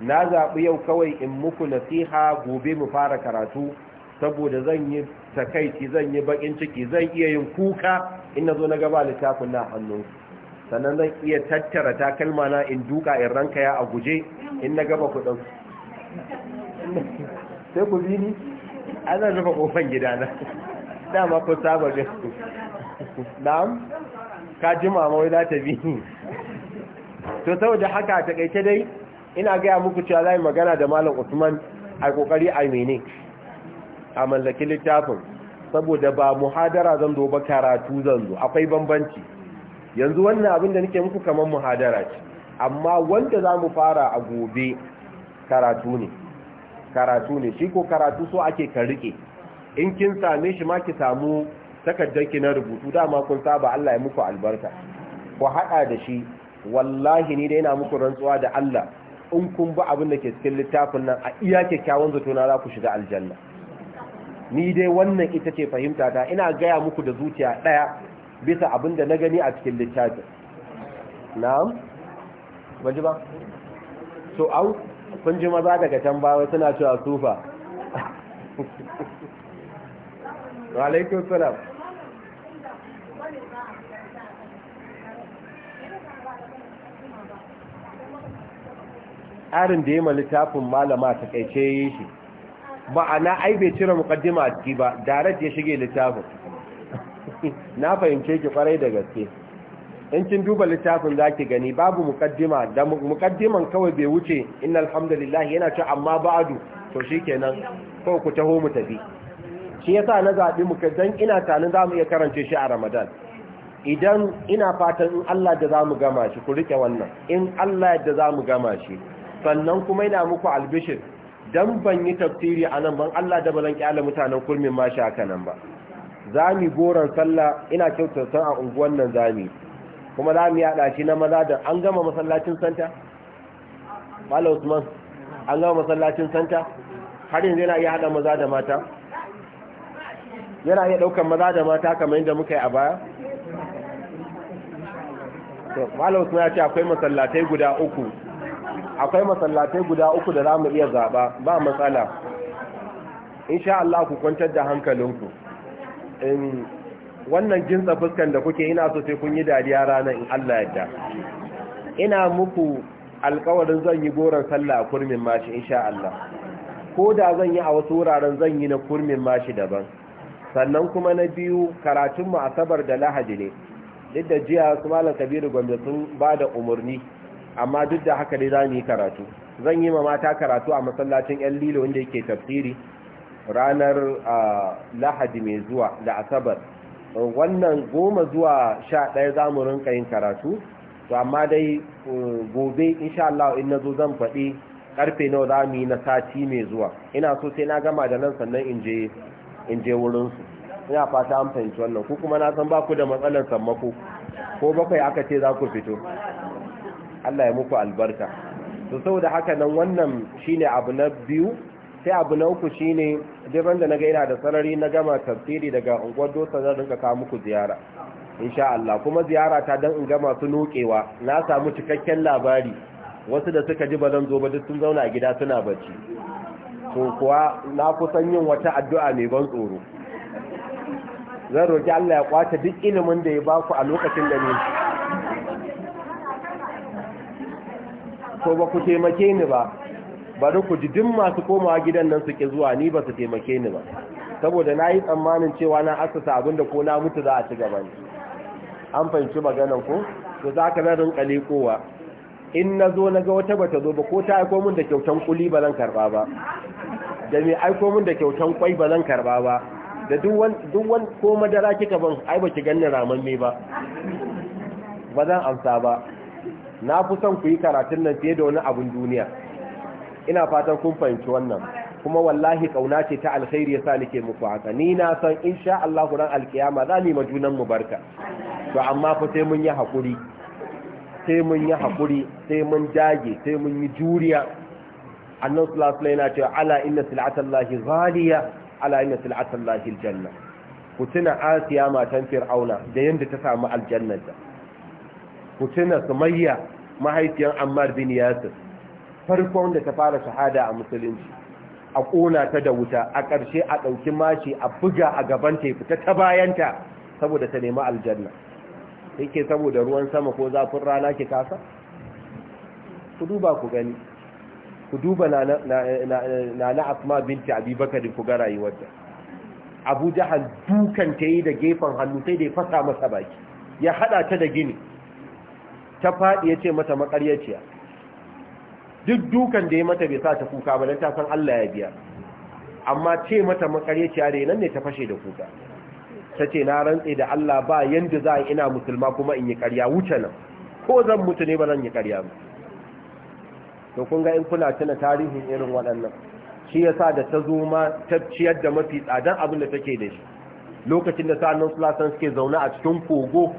na zaɓi yau kawai in muku nasiha gobe mu fara karatu saboda zan yi takaici zan yi bakin ciki zan iya yin kuka in na zo na gaba littafin na hannunsu. sannan zan iya tattara takalma na in duka in ranka ya a guje in na gaba ku sai ku bi ni ana rufe gida gidana dama ku saba da su na'am ka ji mamawai za ta bi to saboda haka a kaice dai ina gaya muku cewa za magana da malam usman a kokari a mene a mallaki littafin saboda ba muhadara zan zo ba karatu zan zo akwai bambanci yanzu wannan abin da nake muku kamar muhadara ce amma wanda za mu fara a gobe karatu ne karatu ne shi ko karatu so ake ka rike in kin same shi ma ki samu ki na rubutu dama kun saba Allah ya muku albarka ku haɗa da shi wallahi ni da yana muku rantsuwa da Allah in kun bi abin da ke cikin littafin nan a iya kyakkyawan zato na za ku shiga aljanna ni dai wannan ita ce fahimta ta ina gaya muku da zuciya ɗaya bisa abin da na gani a cikin littafi. na'am ji ba so an kun ji maza daga can bawa suna cewa sufa *laughs* alaikun salam tsarin da ya ma littafin malama ta kaice yi shi ma'ana ai bai cire mukaddima a ciki ba direct ya shige littafin na fahimce ki kwarai da gaske in kin duba littafin zaki gani babu mukaddima da mukaddiman kawai bai wuce inna alhamdulillah yana ce amma ba'du to shikenan ko ku taho mu tafi shi yasa na zabi mukaddan ina tanin zamu iya karance shi a Ramadan idan ina fatan in Allah da zamu gama shi ku rike wannan in Allah da zamu gama shi sannan kuma ina muku albishir dan ban yi tafsiri anan ban Allah da balan kyala mutanen kulmin ma shi haka nan ba zami goron sallah ina san a unguwan nan zami kuma zami ya shi na maza da an gama masallacin santa Bala Usman an gama masallacin santa har yanzu yana iya hada maza da mata yana iya daukan maza da mata kamar yadda muka yi a baya Bala Usman ya ce akwai masallatai guda uku akwai masallatai guda uku da za mu iya zaba ba matsala insha Allah ku kwantar da hankalinku wannan jinsa fuskan da kuke ina so sai kun yi dariya ranar in Allah yadda ina muku alkawarin zan yi goron sallah a kurmin mashi insha Allah ko da zan yi a wasu wuraren zan yi na kurmin mashi daban sannan kuma na biyu karatunmu asabar da lahadi ne duk da jiya su malam kabiru gombe sun ba da umarni amma duk da haka dai za mu yi karatu zan yi ma mata karatu a masallacin yan lilo wanda yake tafsiri ranar lahadi mai zuwa da asabar wannan goma zuwa sha ɗaya za mu rinka yin karatu to amma dai gobe insha Allah in na zo zan faɗi ƙarfe nawa za mu yi na sati mai zuwa ina so sai na gama da nan sannan in je wurinsu ina fata an fahimci wannan Ko kuma na san baku ku da matsalar sammako ko bakwai aka ce za ku fito Allah ya muku albarka to saboda haka nan wannan shine abu na biyu sai abu na uku shi ne, jiran da naga yana da sarari na gama tafsiri daga unguwar dosa zan rinka kawo muku ziyara insha Allah kuma ziyara ta dan in gama su nokewa na samu cikakken labari wasu da suka ji bazan zo ba duk sun zauna a gida suna bacci to kuwa na kusan yin wata addu'a mai ban tsoro zan roki Allah ya kwace duk ilimin da ya baku a lokacin da ne ko ba ku taimake ni ba bari ku ji duk masu komawa gidan nan suke zuwa ni ba su taimake ni ba saboda na yi tsammanin cewa na asasa abinda ko na mutu za a ci gaba ne an fahimci maganan ko to za ka zarin kalikowa in na zo na ga wata bata zo ba ko ta aiko min da kyautan kuli ba zan karba ba da mai aiko min da kyautan kwai ba zan karba ba da duk wani ko madara kika ban ai ba ki ganin me ba ba zan amsa ba na fi son ku yi karatun nan fiye da wani abun duniya ina fatan kun fahimci wannan kuma wallahi kauna ce ta alkhairi yasa ke muku haka ni na san insha Allah ran alkiyama za mu ma junan mu barka to amma fa sai mun yi hakuri sai mun yi hakuri sai mun dage sai mun yi juriya annabi sallallahu alaihi wasallam ya ce ala inna silatallahi ghaliya ala inna silatallahi aljanna ku tuna asiya matan fir'auna da yanda ta samu aljannar da ku tuna sumayya mahaifiyar ammar bin yasir farko da ta fara shahada a musulunci a ƙona ta da wuta a ƙarshe a ɗauki mashi a buga a gaban ta fita ta bayanta saboda ta nemi aljanna yake saboda ruwan sama ko zafin rana ki kasa ku duba ku gani ku duba na na asma binti abubakar ku ga rayuwarta abu jahal dukan ta yi da gefen hannu sai da ya fasa masa baki ya haɗa ta da gini ta faɗi ya ce mata makaryaciya duk dukan da ya mata bai sa ta kuka ba dan ta san Allah ya biya amma ce mata makareciya da nan ne ta fashe da kuka ta ce na rantse da Allah ba yanda za a ina musulma kuma in yi karya wuce nan ko zan mutu ne ba zan yi karya ba to kun ga in kuna tuna tarihin irin waɗannan shi yasa da ta zo ma ta ciyar da mafi tsadan abin da take da shi lokacin da sa'annan sulasan suke zaune a cikin kogo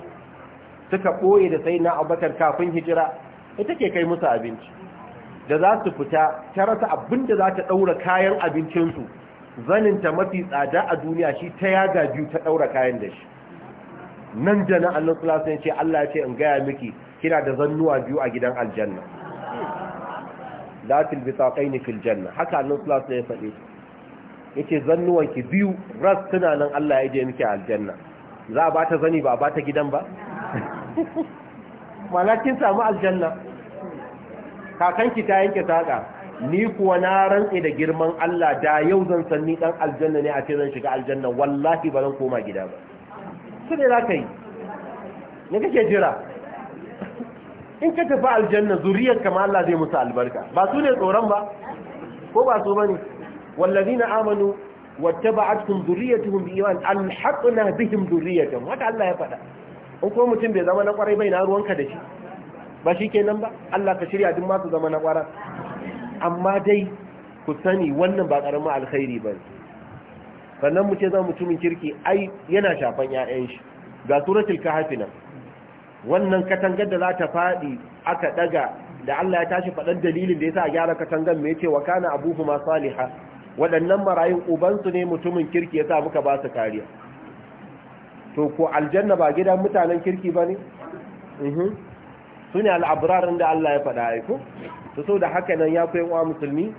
suka ɓoye da sai na abakar kafin hijira ita ke kai musu abinci da za su fita ta rasa abin da za ta ɗaura kayan abincinsu zaninta mafi tsada a duniya shi ta yaga biyu ta ɗaura kayan da shi nan da na allon sulasun ce allah ce in gaya miki kina da zannuwa biyu a gidan aljanna latin bisaƙai ne fil filjanna. haka allon sulasun ya faɗe ya ce zannuwanki biyu ras suna nan allah ya je miki aljanna za a ba ta zani ba a ba ta gidan ba *laughs* malakin samu aljanna kakanki ta yanke saƙa ni kuwa na rantse da girman Allah da yau zan san ni dan aljanna ne a ce zan shiga aljanna wallahi ba zan koma gida ba su ne za ka yi ne kake jira in ka tafi aljanna zuriyar kama Allah zai musu albarka ba su ne tsoron ba ko ba su bane wallazina amanu ba a wattaba'atkum zurriyatuhum biiman alhaqna bihim zurriyatuhum wata Allah ya faɗa in ko mutum bai zama na kwarai bai na ruwanka da shi ba shi kenan ba Allah ka shirya duk masu zama na ƙwara amma dai ku sani wannan ba ƙaramin alkhairi ba sannan mu ce za mutumin kirki ai yana shafan 'ya'yan shi ga suratul kahfi nan wannan katangar da za ta faɗi aka daga da Allah ya tashi faɗan dalilin da yasa sa a gyara katangar mai cewa kana abuhu ma saliha waɗannan marayun ubansu ne mutumin kirki ya sa muka ba su kariya to ko aljanna ba gidan mutanen kirki ba ne? Mhm. Sune ne da Allah ya faɗa aiko su so da haka nan ya fi wa musulmi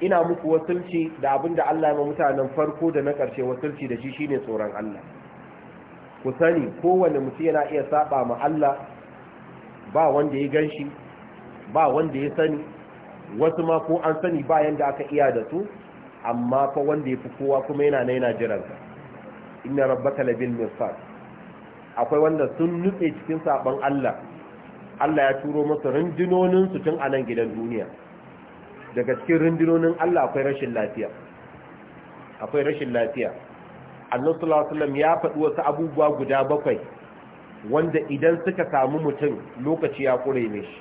ina muku wasulci da abin da Allah ya mutanen farko da na ƙarshe wasulci da shi shine tsoron Allah ku sani kowane mutum yana iya saba ma Allah ba wanda ya ganshi ba wanda ya sani wasu ma ko an sani ba yanda aka iya da su amma fa wanda ya fi kowa kuma yana na yana jiransa inna rabbaka labil mirsad akwai wanda sun nutse cikin saban Allah Allah ya turo masa rundunonin su tun a nan gidan duniya daga cikin rundunonin Allah akwai rashin lafiya akwai rashin lafiya Allah sallallahu alaihi ya faɗi wasu abubuwa guda bakwai wanda idan suka samu mutum lokaci ya kure mishi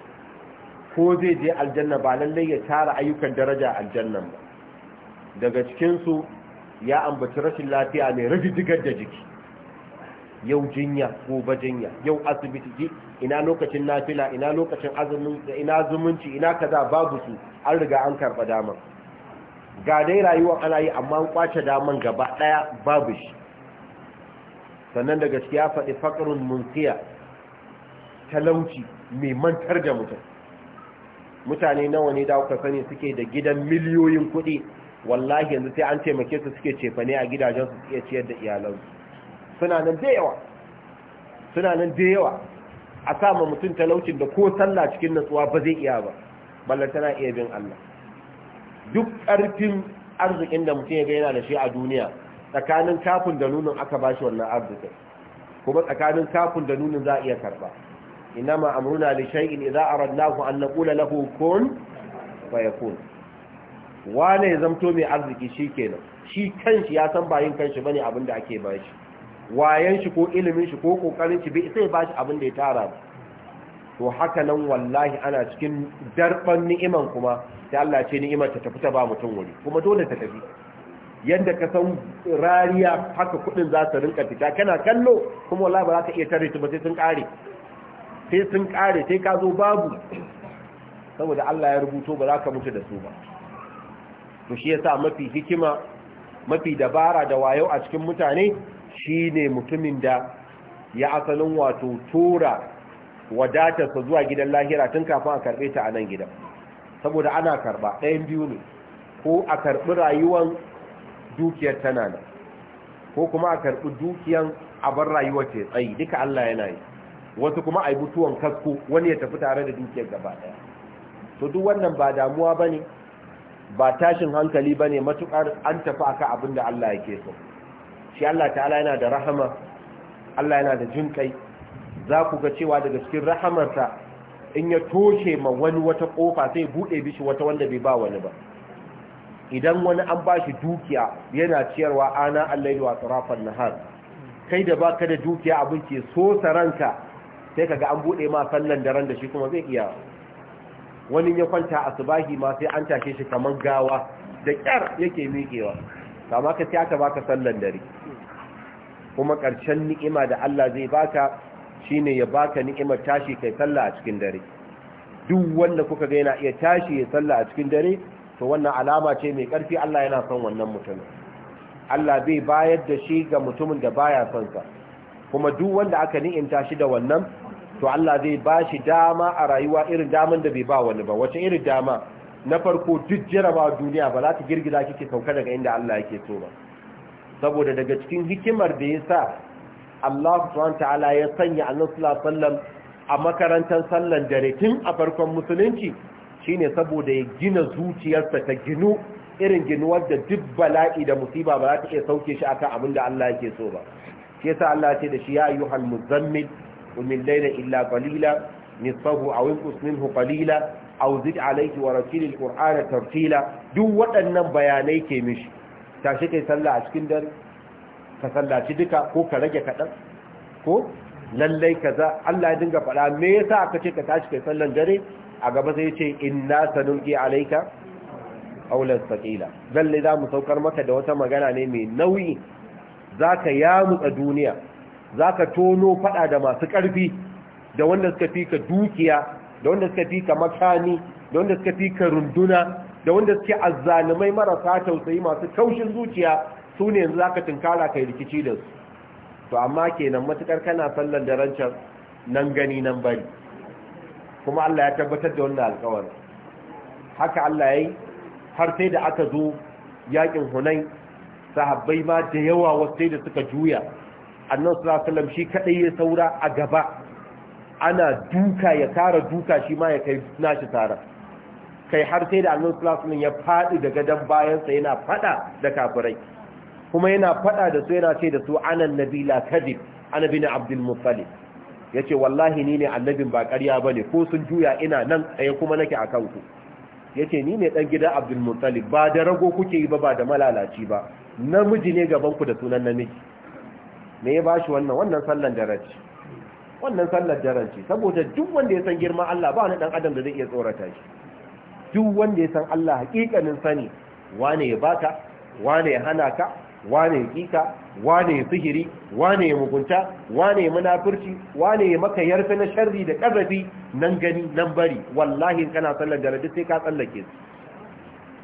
ko zai je aljanna ba lallai ya tara ayyukan daraja aljannan ba daga cikinsu ya ambaci rashin lafiya mai rigidigar da jiki yau jinya gobe jinya yau asibiti ji ina lokacin nafila ina lokacin azumin ina zumunci ina kaza babu su an riga an karba daman ga dai rayuwar ana yi amma an kwace daman gaba ɗaya, babu shi sannan daga da ya faɗi fakarin munsiya talauci mai mantar da mutum mutane nawa ne da kuka sani suke da gidan miliyoyin kuɗi wallahi yanzu sai an taimake su suke cefane a gidajensu suke ciyar da iyalansu suna nan da yawa suna nan da yawa a sama mutum talaucin da ko sallah cikin natsuwa ba zai iya ba ballar tana iya bin Allah duk ƙarfin arzikin da mutum ya ga yana da shi a duniya tsakanin kafin da nunin aka bashi wannan arzikin kuma tsakanin kafin da nunin za a iya karba ma amruna li shay'in idza aradnahu an naqula lahu kun yakun wane zamto mai arziki shikenan shi kanshi ya san bayin kanshi bane abinda ake bashi wayan shi ko ilimin shi ko kokarin shi bai sai shi abin da ya tara ba to haka nan wallahi ana cikin darban ni'iman kuma sai Allah ce ni'imar ta tafi ta ba mutum wuri kuma dole ta tafi yadda ka san rariya haka kudin za su rinka fita kana kallo kuma wallahi ba za ka iya tare su ba sai sun kare sai sun kare sai ka zo babu saboda Allah ya rubuto ba za ka mutu da su ba to shi yasa mafi hikima mafi dabara da wayo a cikin mutane shi ne mutumin da ya asalin wato tura wadatarsa zuwa gidan lahira tun kafin a karbe ta a nan gidan saboda ana karba ɗayan biyu ne ko a karbi rayuwan dukiyar tana nan ko kuma a karbi dukiyan abar rayuwa ce tsayi duka Allah yana yi wasu kuma a yi mutuwan kasko wani ya tafi tare da dukiyar gaba ɗaya to duk wannan ba damuwa ba ne ba tashin hankali ba ne matuƙar an tafi aka abin da Allah yake so shi Allah ta'ala yana da rahama Allah yana da jin kai za ku ga cewa daga cikin rahamarsa in ya toshe ma wani wata kofa sai buɗe bishi wata wanda bai ba wani ba idan wani an ba shi dukiya yana ciyarwa ana allai wa tsarafan nahar kai da ba ka da dukiya abin ke so saranka sai ga an buɗe ma sallan daren da shi kuma zai iya wani ya kwanta a subahi ma sai an tashe shi kamar gawa da ƙyar yake miƙewa kama ka sai aka baka sallan dare kuma ƙarshen ni'ima da Allah zai baka shine ya baka ni'imar tashi kai sallah a cikin dare duk wanda kuka ga yana iya tashi ya sallah a cikin dare to wannan alama ce mai ƙarfi Allah yana son wannan mutumin Allah bai bayar da shi ga mutumin da baya son sa kuma duk wanda aka ni'imta shi da wannan to Allah zai ba shi dama a rayuwa irin daman da bai ba wani ba wace irin dama na farko duk jarabawa duniya ba za ta girgiza kike sauka daga inda Allah yake so ba saboda daga cikin hikimar da ya sa Allah ta'ala ya sanya Annabi sallallahu a makarantar sallan dare tun a farkon musulunci shi ne saboda ya gina zuciyarsa ta ginu irin ginuwar da duk bala'i da musiba ba za ta iya sauke shi akan abin da Allah yake so ba Ke sa Allah ce da shi ya ayyuhal muzammil umil layla illa qalila nisfahu aw inqus minhu qalila aw zid alayhi wa rattilil qur'ana tartila duk waɗannan bayanai ke mishi tashi kai sallah a cikin dare ka sallaci duka ko ka rage kaɗan ko lallai kaza Allah ya dinga faɗa me yasa aka ce ka tashi kai sallan dare a gaba sai ce inna sanuki alayka qawlan thaqila lallai za mu saukar maka da wata magana ne mai nauyi zaka a duniya zaka tono fada da masu karfi da wanda suka fika dukiya da wanda suka fika makani da wanda suka fika runduna da wanda suke azzalumai marasa tausayi masu kaushin zuciya su ne yanzu zaka tinkara kai rikici da su to amma kenan matukar kana sallan da rancan nan gani nan bari kuma Allah ya tabbatar da wannan alƙawarin haka Allah yayi har sai da aka zo yakin Hunain sahabbai ma da yawa wasu da suka juya annabi sallallahu alaihi wasallam shi kadai ya saura a gaba ana duka ya tara duka shi ma ya kai nashi tara kai har sai da annabi sallallahu alaihi ya fadi daga dan bayansa yana fada da kafirai kuma yana fada da su yana ce da su anan nabila kadib annabi ne abdul muttalib yace wallahi ni ne annabin ba ƙarya bane ko sun juya ina nan tsaye kuma nake akan ku yace ni ne dan gida abdul muttalib ba da rago kuke yi ba ba da malalaci ba namiji ne gaban ku da sunan namiji me ya bashi wannan wannan sallan daraji wannan sallar daraji saboda duk wanda ya san girma Allah ba wani dan adam da zai iya tsorata shi duk wanda ya san Allah hakikanin sani wane ya baka wane ya hana ka wane ya kika wane ya sihiri wane ya mugunta wane ya munafurci wane ya maka yarfe na sharri da kazafi nan gani nan bari wallahi kana sallar da radi sai ka tsallake su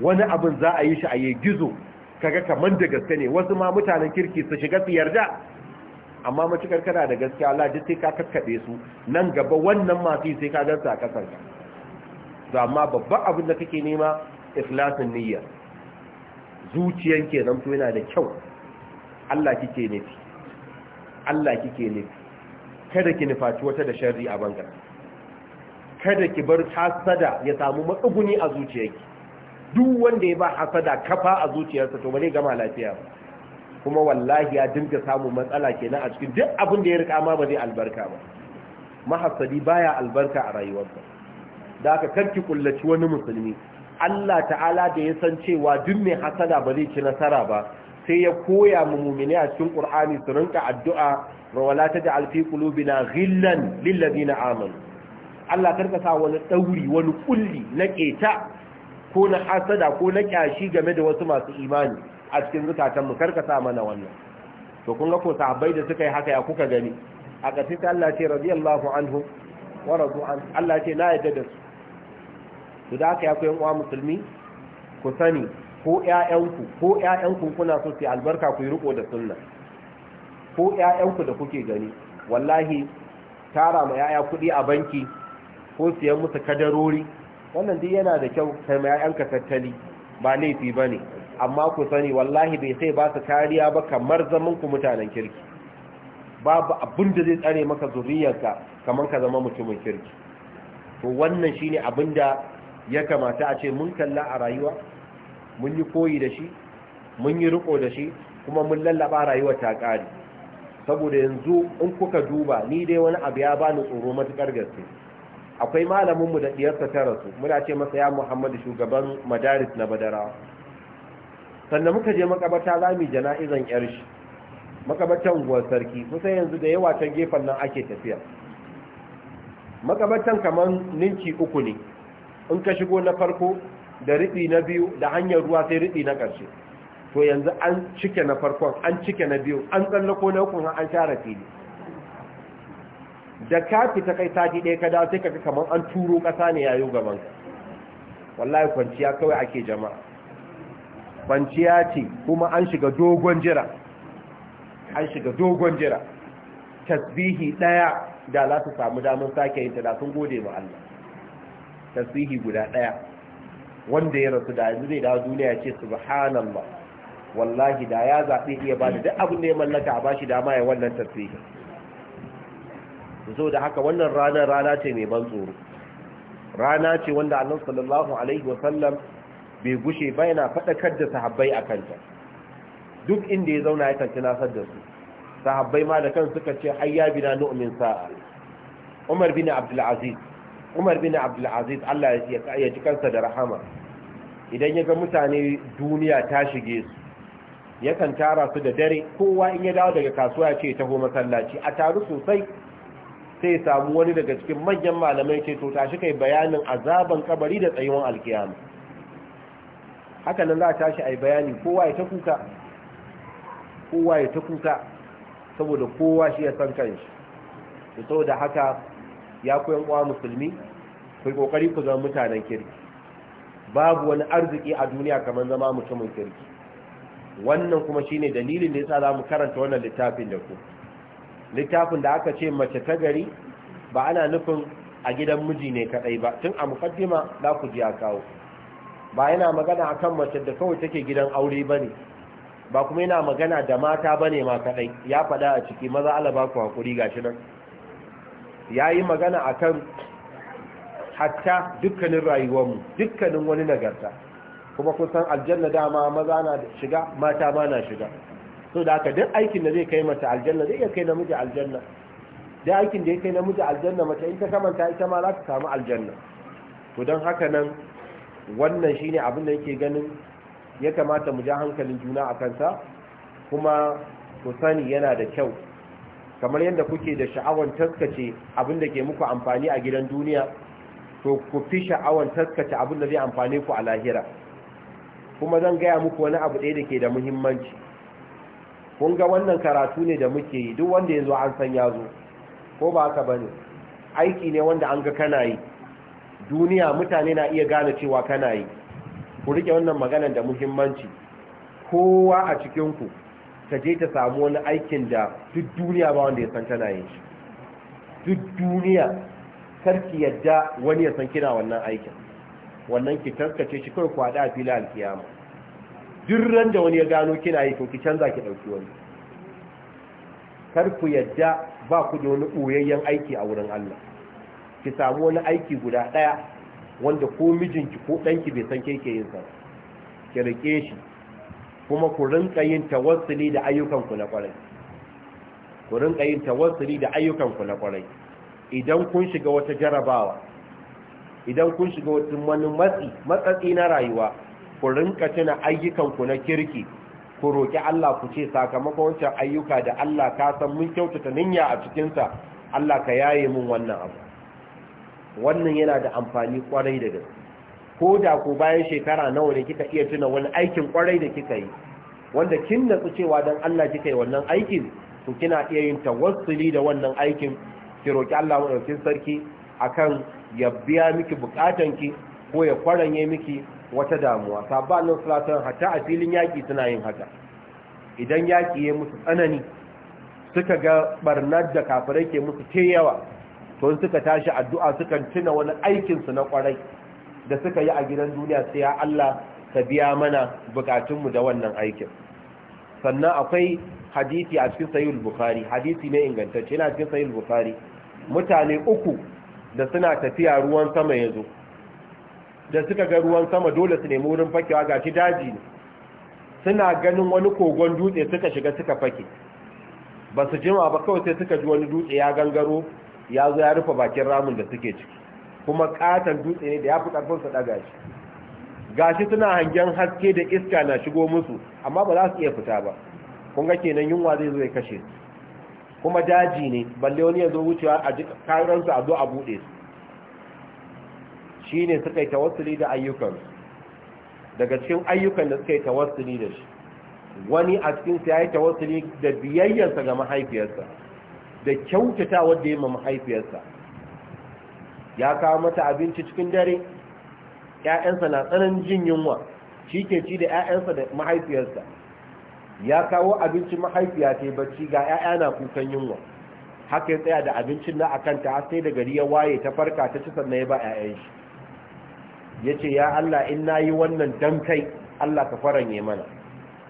wani abin za a yi shi a yi gizo kaga kaman da gaske ne wasu ma mutanen kirki su shiga su yarda amma matukar kana da gaskiya Allah duk sai ka kakkabe su nan gaba wannan mafi sai ka gansa a kasar to amma babban abin da kake nema ikhlasin niyya zuciyan ke zamto yana da kyau Allah kike nufi Allah kike nufi kada ki nufaci wata da sharri a banga. kada ki bar hasada ya samu matsuguni a zuciyarki duk wanda ya ba hasada kafa a zuciyarsa to ba zai gama lafiya kuma wallahi ya dinka samu matsala kenan a cikin duk abin da ya rika ma ba zai albarka ba mahasadi baya albarka a rayuwarsa da aka karki kullaci wani musulmi Allah ta'ala da ya san cewa duk mai hasada ba zai ci nasara ba sai ya koya mu mumine a cikin Qur'ani su rinka addu'a wa wala taj'al fi qulubina ghillan lil ladina amanu Allah karka sa wani dauri wani kulli na keta ko na hasada ko na kyashi game da wasu masu imani a cikin zukatan mu karka sa mana wannan to kun ga ko sahabbai da suka yi haka ya kuka gani a ƙarshe Allah ce radiyallahu anhu wa radu an Allah ce na yadda da su to da aka ya ku uwa musulmi ku sani ko ƴaƴanku ko ƴaƴanku kuna so su albarka ku yi riko da sunna ko ƴaƴanku da kuke gani wallahi tara ma ƴaƴa kuɗi a banki ko siyan musu kadarori wannan duk yana da kyau kai ma ƴaƴanka tattali ba laifi bane amma ku sani wallahi bai sai ba su kariya ba kamar zaman ku mutanen kirki babu abin da zai tsare maka zuriyarka kamar ka zama mutumin kirki to wannan shine abin da ya kamata a ce mun kalla a rayuwa mun yi koyi da shi mun yi riko da shi kuma mun lallaba rayuwa ta ƙari saboda yanzu in kuka duba ni dai wani abu ya bani tsoro matukar gaske akwai malaminmu da ɗiyarsa ta rasu muna ce masa ya muhammadu shugaban madaris na badarawa sannan muka je makabata za mu jana'izan yar shi makabatan unguwar sarki kusan yanzu da yawa can gefen nan ake tafiya makabatan kamar ninki uku ne in ka shigo na farko da riɗi na biyu da hanyar ruwa sai riɗi na ƙarshe to yanzu an cike na farkon an cike na biyu an tsallako na hukun an share fili da kafi ta kai sati ɗaya ka dawo sai ka kamar an turo ƙasa ne yayo gaban wallahi kwanciya kawai ake jama'a kwanciya ce kuma an shiga dogon jira an shiga dogon jira tasbihi ɗaya da za su samu damar sake yin ta da sun gode ma Allah tasihi guda ɗaya. wanda ya rasu da yanzu zai dawo duniya ya ce subhanallah wallahi da ya zaɓi iya ba da duk abin da ya mallaka a bashi dama ya wannan tasihi so da haka wannan ranar rana ce mai ban tsoro rana ce wanda annabi sallallahu alaihi wasallam bai gushe ba yana faɗakar da sahabbai a kanta duk inda ya zauna ya kanci nasar da su sahabbai ma da kan suka ce hayya na nu'min sa'a Umar bin Abdul Aziz umar bin abdulaziz allah ya ji kansa da rahama idan ya ga mutane duniya ta shige su yakan tara su da dare kowa in ya dawo daga kasuwa ya ce taho masallaci a taru sosai sai samu wani daga cikin manyan malamai ce to tashi kai bayanin azaban kabari da tsayuwan alkiyama haka nan za a tashi ai bayani kowa ya ta kuka kowa ya ta kuka saboda kowa shi ya san kanshi to saboda haka ya ku yan uwa musulmi ku kokari ku zama mutanen kirki babu wani arziki a duniya kamar zama mutumin kirki wannan kuma shine dalilin da yasa za mu karanta wannan littafin da ku littafin da aka ce mace ta gari ba ana nufin a gidan miji ne kadai ba tun a mukaddima za ku ji a kawo ba yana magana akan mace da kawai take gidan aure bane ba kuma yana magana da mata bane ma kadai ya faɗa a ciki maza Allah ba ku hakuri gashi nan ya yi magana a kan hatta dukkanin rayuwarmu dukkanin wani nagarta kuma kusan aljanna dama maza na shiga mata ma na shiga so da haka duk aikin da zai kai mata aljanna zai iya kai namiji aljanna da aikin da ya kai namiji aljanna mace in ta kamanta ita ma za ta samu aljanna to don haka nan wannan shine abin da yake ganin ya kamata mu ja hankalin juna a kansa kuma ku sani yana da kyau kamar yadda kuke da sha'awar taskace abin ke muku amfani a gidan duniya to ku fi sha'awar taskace abin da zai amfani ku a lahira kuma zan gaya muku wani abu ɗaya da ke da muhimmanci kun ga wannan karatu ne da muke yi duk wanda ya zo an san ya zo ko ba haka ba ne aiki ne wanda an ga kana yi duniya mutane na iya gane cewa kana yi ku riƙe wannan maganar da muhimmanci kowa a cikinku ta je ta samu wani aikin da duk duniya ba wanda ya san tana yin shi duk duniya sarki yadda wani ya san kina wannan aikin wannan ki taskace shi kawai ku a fili alkiyama duk ran da wani ya gano kina yi to ki canza ki ɗauki wani kar ku yadda ba ku da wani ɓoyayyen aiki a wurin Allah ki samu wani aiki guda ɗaya wanda ko mijinki ko danki bai san ke ke yin sa ki rike shi kuma ku rinka yin tawassuli da ayyukanku na kwarai ku rinka yin tawassuli da ayyukanku na kwarai idan kun shiga wata jarabawa idan kun shiga wata wani matsi matsatsi na rayuwa ku rinka tuna ayyukanku na kirki ku roki Allah ku ce sakamakon wancan ayyuka da Allah ka san mun kyautata ninya a cikin sa Allah ka yaye mun wannan abu wannan yana da amfani kwarai da gaske ko da ko bayan shekara nawa ne kika iya tuna wani aikin kwarai da kika yi wanda kin natsu cewa dan Allah kika yi wannan aikin to kina iya yin tawassuli da wannan aikin ki roki Allah madaukakin sarki akan ya biya miki ki ko ya kwaranye miki wata damuwa sabanin salatan hatta a filin yaki suna yin haka idan yaki ya musu tsanani suka ga barnar da kafirai ke musu ke yawa to suka tashi addu'a sukan tuna wani aikin su na kwarai da suka yi a gidan duniya sai ya Allah ka biya mana bukatunmu da wannan aikin sannan akwai hadisi a cikin sahih bukhari hadisi ne ingantacce yana cikin sahih bukhari mutane uku da suna tafiya ruwan sama ya zo, da suka ga ruwan sama dole su nemi wurin fakewa gashi daji ne suna ganin wani kogon dutse suka shiga suka fake ba su jima ba kawai sai suka ji wani dutse ya gangaro ya zo ya rufe bakin ramin da suke ciki kuma katon dutse ne da ya fi ƙarfin ɗaga shi gashi suna hangen haske da iska na shigo musu amma ba za su iya fita ba kun ga kenan yunwa zai zo ya kashe kuma daji ne balle wani ya wucewa a kayan su a zo a buɗe su shi ne suka yi tawassuli da ayyukan, daga cikin ayyukan da suka yi tawassuli da shi wani a cikinsu ya yi tawassuli da biyayyarsa ga mahaifiyarsa da kyautata wadda ya ma mahaifiyarsa ya kawo mata abinci cikin dare ‘ya'yansa na tsanan jin yunwa shi ke ci da ‘ya'yansa da mahaifiyarsa ya kawo abincin mahaifiya ta yi bacci ga ‘ya'ya na kukan yunwa haka ya tsaya da abincin na akan ta sai da gari ya waye ta farka ta ci na ya ba ‘ya'yan shi ya ce ya Allah in na yi wannan dan kai Allah ka faranye mana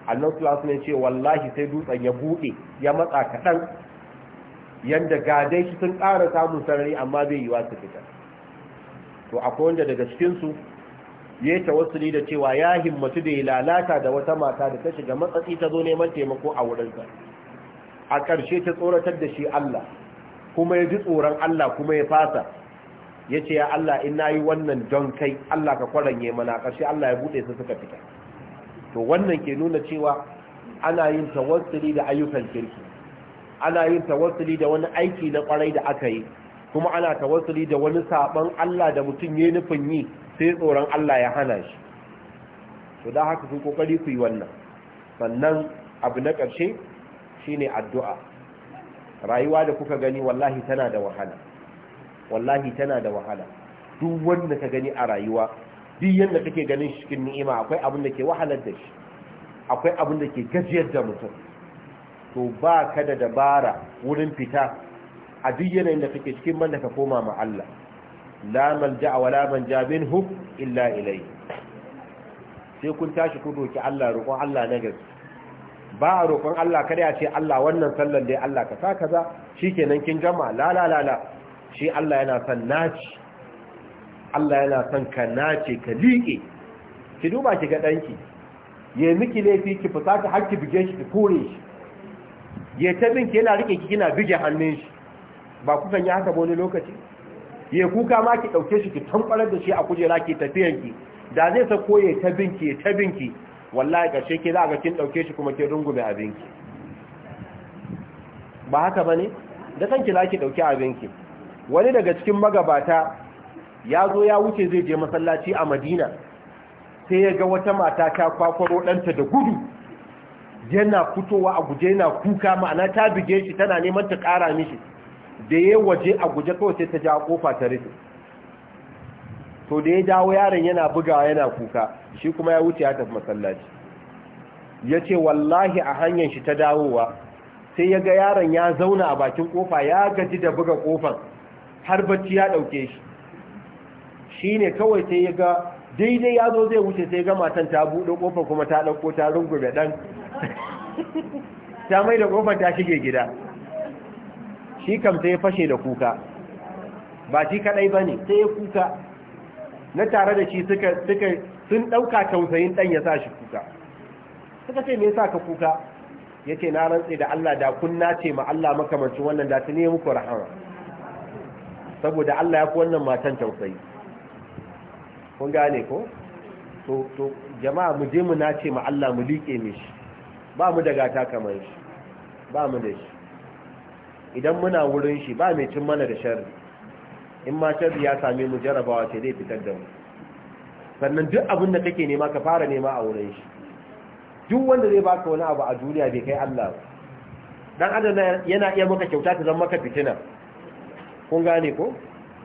annan sulasu ne ce wallahi sai dutsen ya buɗe ya matsa kaɗan yanda gadai shi sun ƙara samun sarari amma bai yi su fita to akwai wanda daga cikinsu ya ta wasu da cewa ya himmatu da ya lalata da wata mata da ta shiga matsatsi ta zo neman taimako a wurinsa a ƙarshe ta tsoratar da shi Allah kuma ya ji tsoron Allah kuma ya fasa ya ce ya Allah in na yi wannan don kai Allah ka kwaranye mana ƙarshe Allah ya buɗe su suka fita to wannan ke nuna cewa ana yin tawassuli da ayyukan kirki ana yin tawassuli da wani aiki na kwarai da aka yi kuma ana tawassuli da wani saban Allah da mutum ya nufin yi sai tsoron Allah ya hana shi to da haka ku kokari ku yi wannan sannan abu na ƙarshe shine addu'a rayuwa da kuka gani wallahi tana da wahala wallahi tana da wahala duk wanda ka gani a rayuwa duk yanda kake ganin shi cikin ni'ima akwai abin da ke wahalar da shi akwai abin da ke gajiyar da mutum to ba ka da dabara wurin fita a duk yanayin da kake cikin man da ka koma ma Allah la malja wa la manja minhu illa ilayhi sai kun tashi ku doki Allah roƙon Allah na gaske ba a roƙon Allah kada ya ce Allah wannan sallan dai Allah ka sa kaza shikenan kin gama la la la la shi Allah yana son naci Allah yana son ka nace ka liƙe ki duba ki ga danki ya miki laifi ki fita ka hakki bige shi ki kore shi ya ta binki yana rike ki kina bige hannun shi ba kusan yi haka ba wani lokaci ya kuka ma ki ɗauke shi ki tamfarar da shi a kujera ki ki da zai sa ya ta binki ya ta binki wallahi ƙarshe ke za ga kin ɗauke shi kuma kin rungume abinki ba haka ba ne san ki za ki ɗauki abinki wani daga cikin magabata ya zo ya wuce zai je masallaci a madina sai ya ga wata mata ta kwakwaro danta da gudu yana fitowa a guje yana kuka ma'ana ta bige shi tana neman ta kara mishi da ya waje a guje kawai sai ta ja kofa ta rufe to da ya dawo yaron yana bugawa yana kuka shi kuma ya wuce ya tafi masallaci ya ce wallahi a hanyar shi ta dawowa sai ya ga yaron ya zauna a bakin kofa ya gaji da buga kofan har bacci ya ɗauke shi shi ne kawai sai ya ga daidai ya zo zai wuce sai ga matan ta buɗe kofar kuma ta ɗauko ta rungume ɗan *laughs* ta mai da kofar ta shige gida shi kam sai ya fashe da kuka ba shi kadai ba ne sai ya kuka na tare da shi suka sun ɗauka tausayin ɗan ya sa shi kuka suka ce me yasa ka kuka ya ce na rantse da Allah da kun ce ma Allah makamancin wannan da ta ne muku rahama saboda Allah ya fi wannan matan tausayi kun gane ko to jama'a mu je mu nace ma Allah mu liƙe mishi ba mu da gata kamar shi ba mu da shi idan muna wurin shi ba mai cin mana da shari in ma shari ya sami mu jarabawa ce zai fitar da mu sannan duk abin da take nema ka fara nema a wurin shi duk wanda zai baka wani abu a duniya bai kai Allah ba dan adam yana iya maka kyauta ta zama maka fitina kun gane ko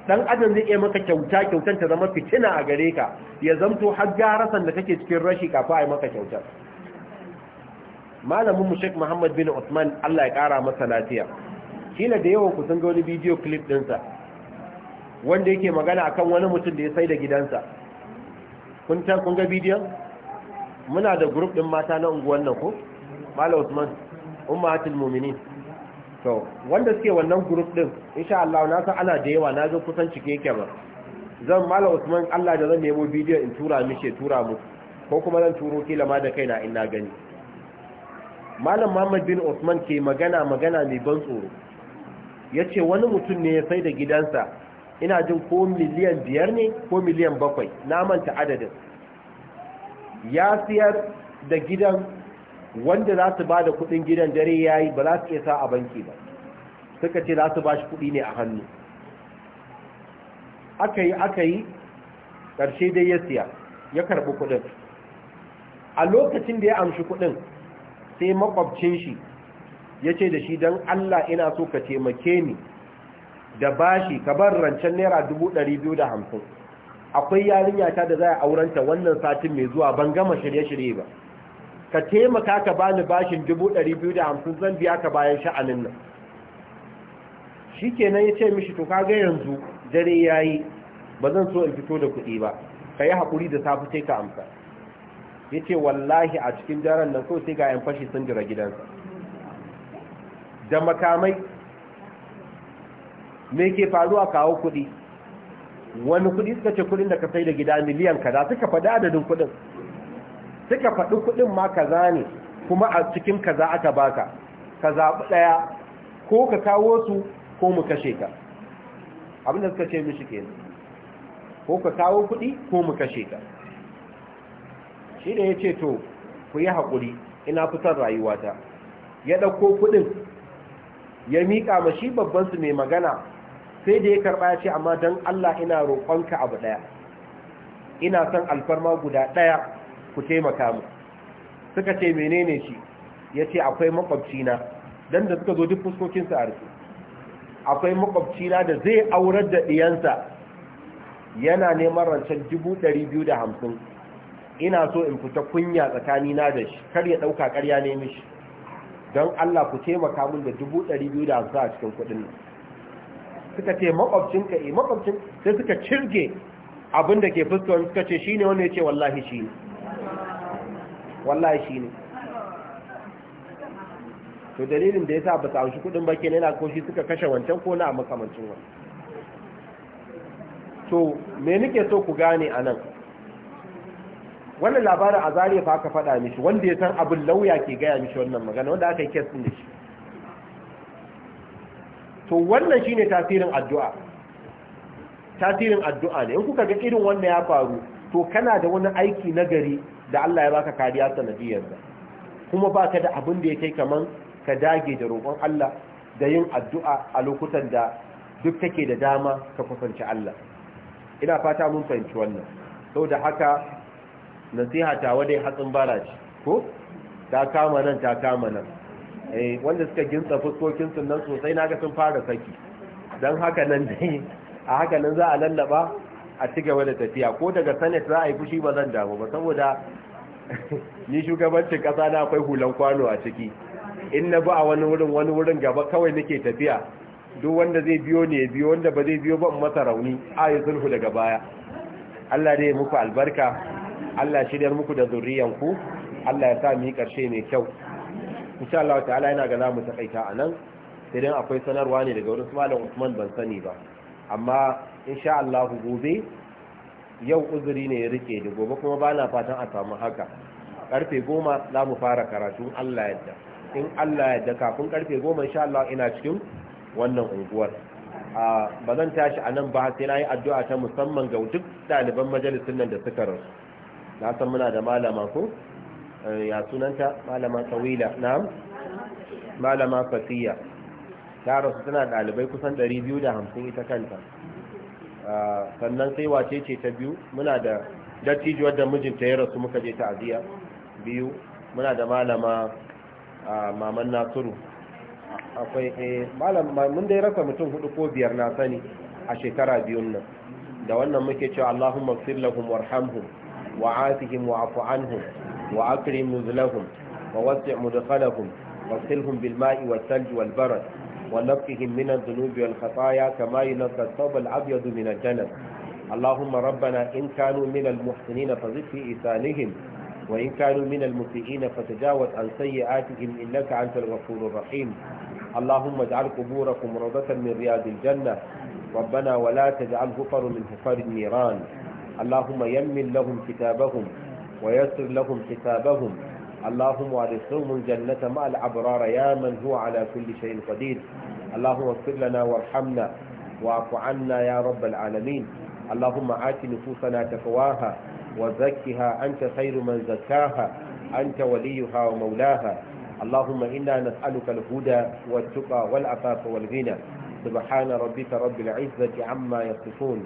dan adam zai iya maka kyauta kyautar ta zama fitina a gare ka ya zamto har garasan da kake cikin rashi kafa ai maka kyautar malamin mu Sheikh Muhammad bin Usman Allah ya kara masa lafiya kila da yawa ku sun ga wani bidiyo clip ɗinsa wanda yake magana akan wani mutum da ya sai da gidansa kun ta kun ga bidiyon muna da group din mata na unguwan nan ko Malam Uthman ummatul mu'minin to wanda suke wannan group din insha Allah na san ana da yawa na ga kusan cike yake ba zan Malam Usman Allah da zan nemo bidiyon in tura mishi tura mu ko kuma zan turo kila ma da kaina in na gani malam muhammad bin Osman ke magana magana mai ban tsoro ya ce wani mutum ne ya sai da gidansa ina jin ko miliyan biyar ne ko miliyan bakwai na manta adadin ya siyar da gidan wanda za su ba da kudin gidan dare ya yi ba za su iya sa a banki ba suka ce za su ba shi kudi ne a hannu aka yi aka yi ƙarshe dai ya siya ya karɓi kudin a lokacin da ya amshi kudin sai makwabcin shi ya ce da shi don Allah ina so ka taimake ni da bashi ka bar rancen naira dubu hamsin. akwai yarinya ta da za a aurenta wannan satin mai zuwa ban gama shirye-shirye ba ka taimaka ka bani bashin hamsin zan biya ka bayan sha'anin nan shi kenan ya ce mishi to kaga yanzu dare ya yi, ba zan so in fito da kuɗi ba ka yi haƙuri da safe sai ka amsa ya wallahi a cikin jaran nan so sai ga yan fashi sun jira gidansa da makamai me ke faruwa kawo kuɗi wani kuɗi suka ce kuɗin da ka sai da gida miliyan kaza suka faɗi adadin kuɗin suka faɗi kuɗin ma kaza ne kuma a cikin kaza aka baka ka zaɓi ɗaya ko ka kawo su ko mu kashe ka abinda suka ce mishi kenan ko ka kawo kuɗi ko mu kashe ka shi ne ya ce to ku yi haƙuri ina fitar rayuwata ya ɗauko kuɗin ya miƙa ma shi babbansu mai magana sai da ya karɓa ya ce amma don Allah ina roƙonka abu ɗaya ina son alfarma guda ɗaya ku taimaka mu suka ce menene shi ya ce akwai makwabcina don da suka zo duk fuskokinsa a rufe akwai makwabcina da zai aurar da ɗiyansa yana neman rancen dubu ɗari biyu da hamsin ina so in fita kunya tsakanina da shi kar ya ɗauka ƙarya ne mishi don Allah ku taimaka min da dubu ɗari biyu da hamsin a cikin kuɗin nan suka ce makwabcin ka eh makwabcin sai suka cirge abin da ke fuskar suka ce shine wanda ya ce wallahi shine wallahi shine to dalilin da yasa ba su amshi kuɗin ba kenan yana ko shi suka kashe wancan ko na makamancin wani to me nake so ku gane a nan wannan labarin a zariya fa aka faɗa mishi wanda ya san abin lauya ke gaya mishi wannan magana wanda aka yi kesin da shi to wannan shine tasirin addu'a tasirin addu'a ne in kuka ga irin wannan ya faru to kana da wani aiki nagari da Allah ya baka kariya da? kuma baka da abin da ya kai kaman ka dage da roƙon Allah da yin addu'a a lokutan da duk take da dama ka kusanci Allah ina fata mun fahimci wannan saboda haka nasiha ta wade hatsin bara ce ko ta kama nan ta kama nan eh wanda suka ginsa fuskokin sun nan sosai naga sun fara saki dan haka nan dai a haka nan za a lallaba a ci gaba da tafiya ko daga senate za a yi fushi ba zan damu ba saboda *laughs* ni shugabancin kasa na akwai hulan kwano a ciki in na ba a wani wurin wani wurin gaba kawai nake tafiya duk wanda zai biyo ne ya biyo wanda ba zai biyo ba masa rauni a yi sulhu daga baya Allah dai muku albarka Allah shiryar muku da zurriyanku Allah ya sa mu yi karshe mai kyau insha Allah ta'ala yana ga za mu takaita a nan sai dan akwai sanarwa ne daga wurin Malam Usman ban sani ba amma insha Allah gobe yau uzuri ne ya rike da gobe kuma bana fatan a samu haka karfe goma za mu fara karatu Allah yadda in Allah yarda kafin karfe goma insha Allah ina cikin wannan unguwar ba zan tashi a nan ba sai na yi addu'a ta musamman ga duk ɗaliban majalisun nan da suka rasu na san muna da malama ko eh, ya sunanta malama tawila na'am malama fatiya ta rasu tana ɗalibai kusan 250 ita kanta ah, sannan sai wace ce ta biyu muna da dattijuwar da mijinta ya rasu muka je ta'aziyya biyu muna da malama ah, maman nasiru akwai eh, malama mun dai rasa mutum hudu ko biyar na sani a shekara biyun nan da wannan muke cewa Allahumma ighfir lahum warhamhum وعافهم واعف عنهم وأكرم نزلهم ووسع مدخلهم واغسلهم بالماء والثلج والبرد ونقهم من الذنوب والخطايا كما ينقى الثوب الأبيض من الجنب اللهم ربنا إن كانوا من المحسنين فزد في إسانهم وإن كانوا من المسيئين فتجاوز عن سيئاتهم إنك أنت الغفور الرحيم اللهم اجعل قبوركم روضة من رياض الجنة ربنا ولا تجعل غفر من حفر النيران اللهم يمن لهم كتابهم ويسر لهم حسابهم اللهم وارثهم الجنة مع الأبرار يا من هو على كل شيء قدير اللهم اغفر لنا وارحمنا واعف عنا يا رب العالمين اللهم آت نفوسنا تقواها وزكها أنت خير من زكاها أنت وليها ومولاها اللهم إنا نسألك الهدى والتقى والعفاف والغنى سبحان ربك رب العزة عما يصفون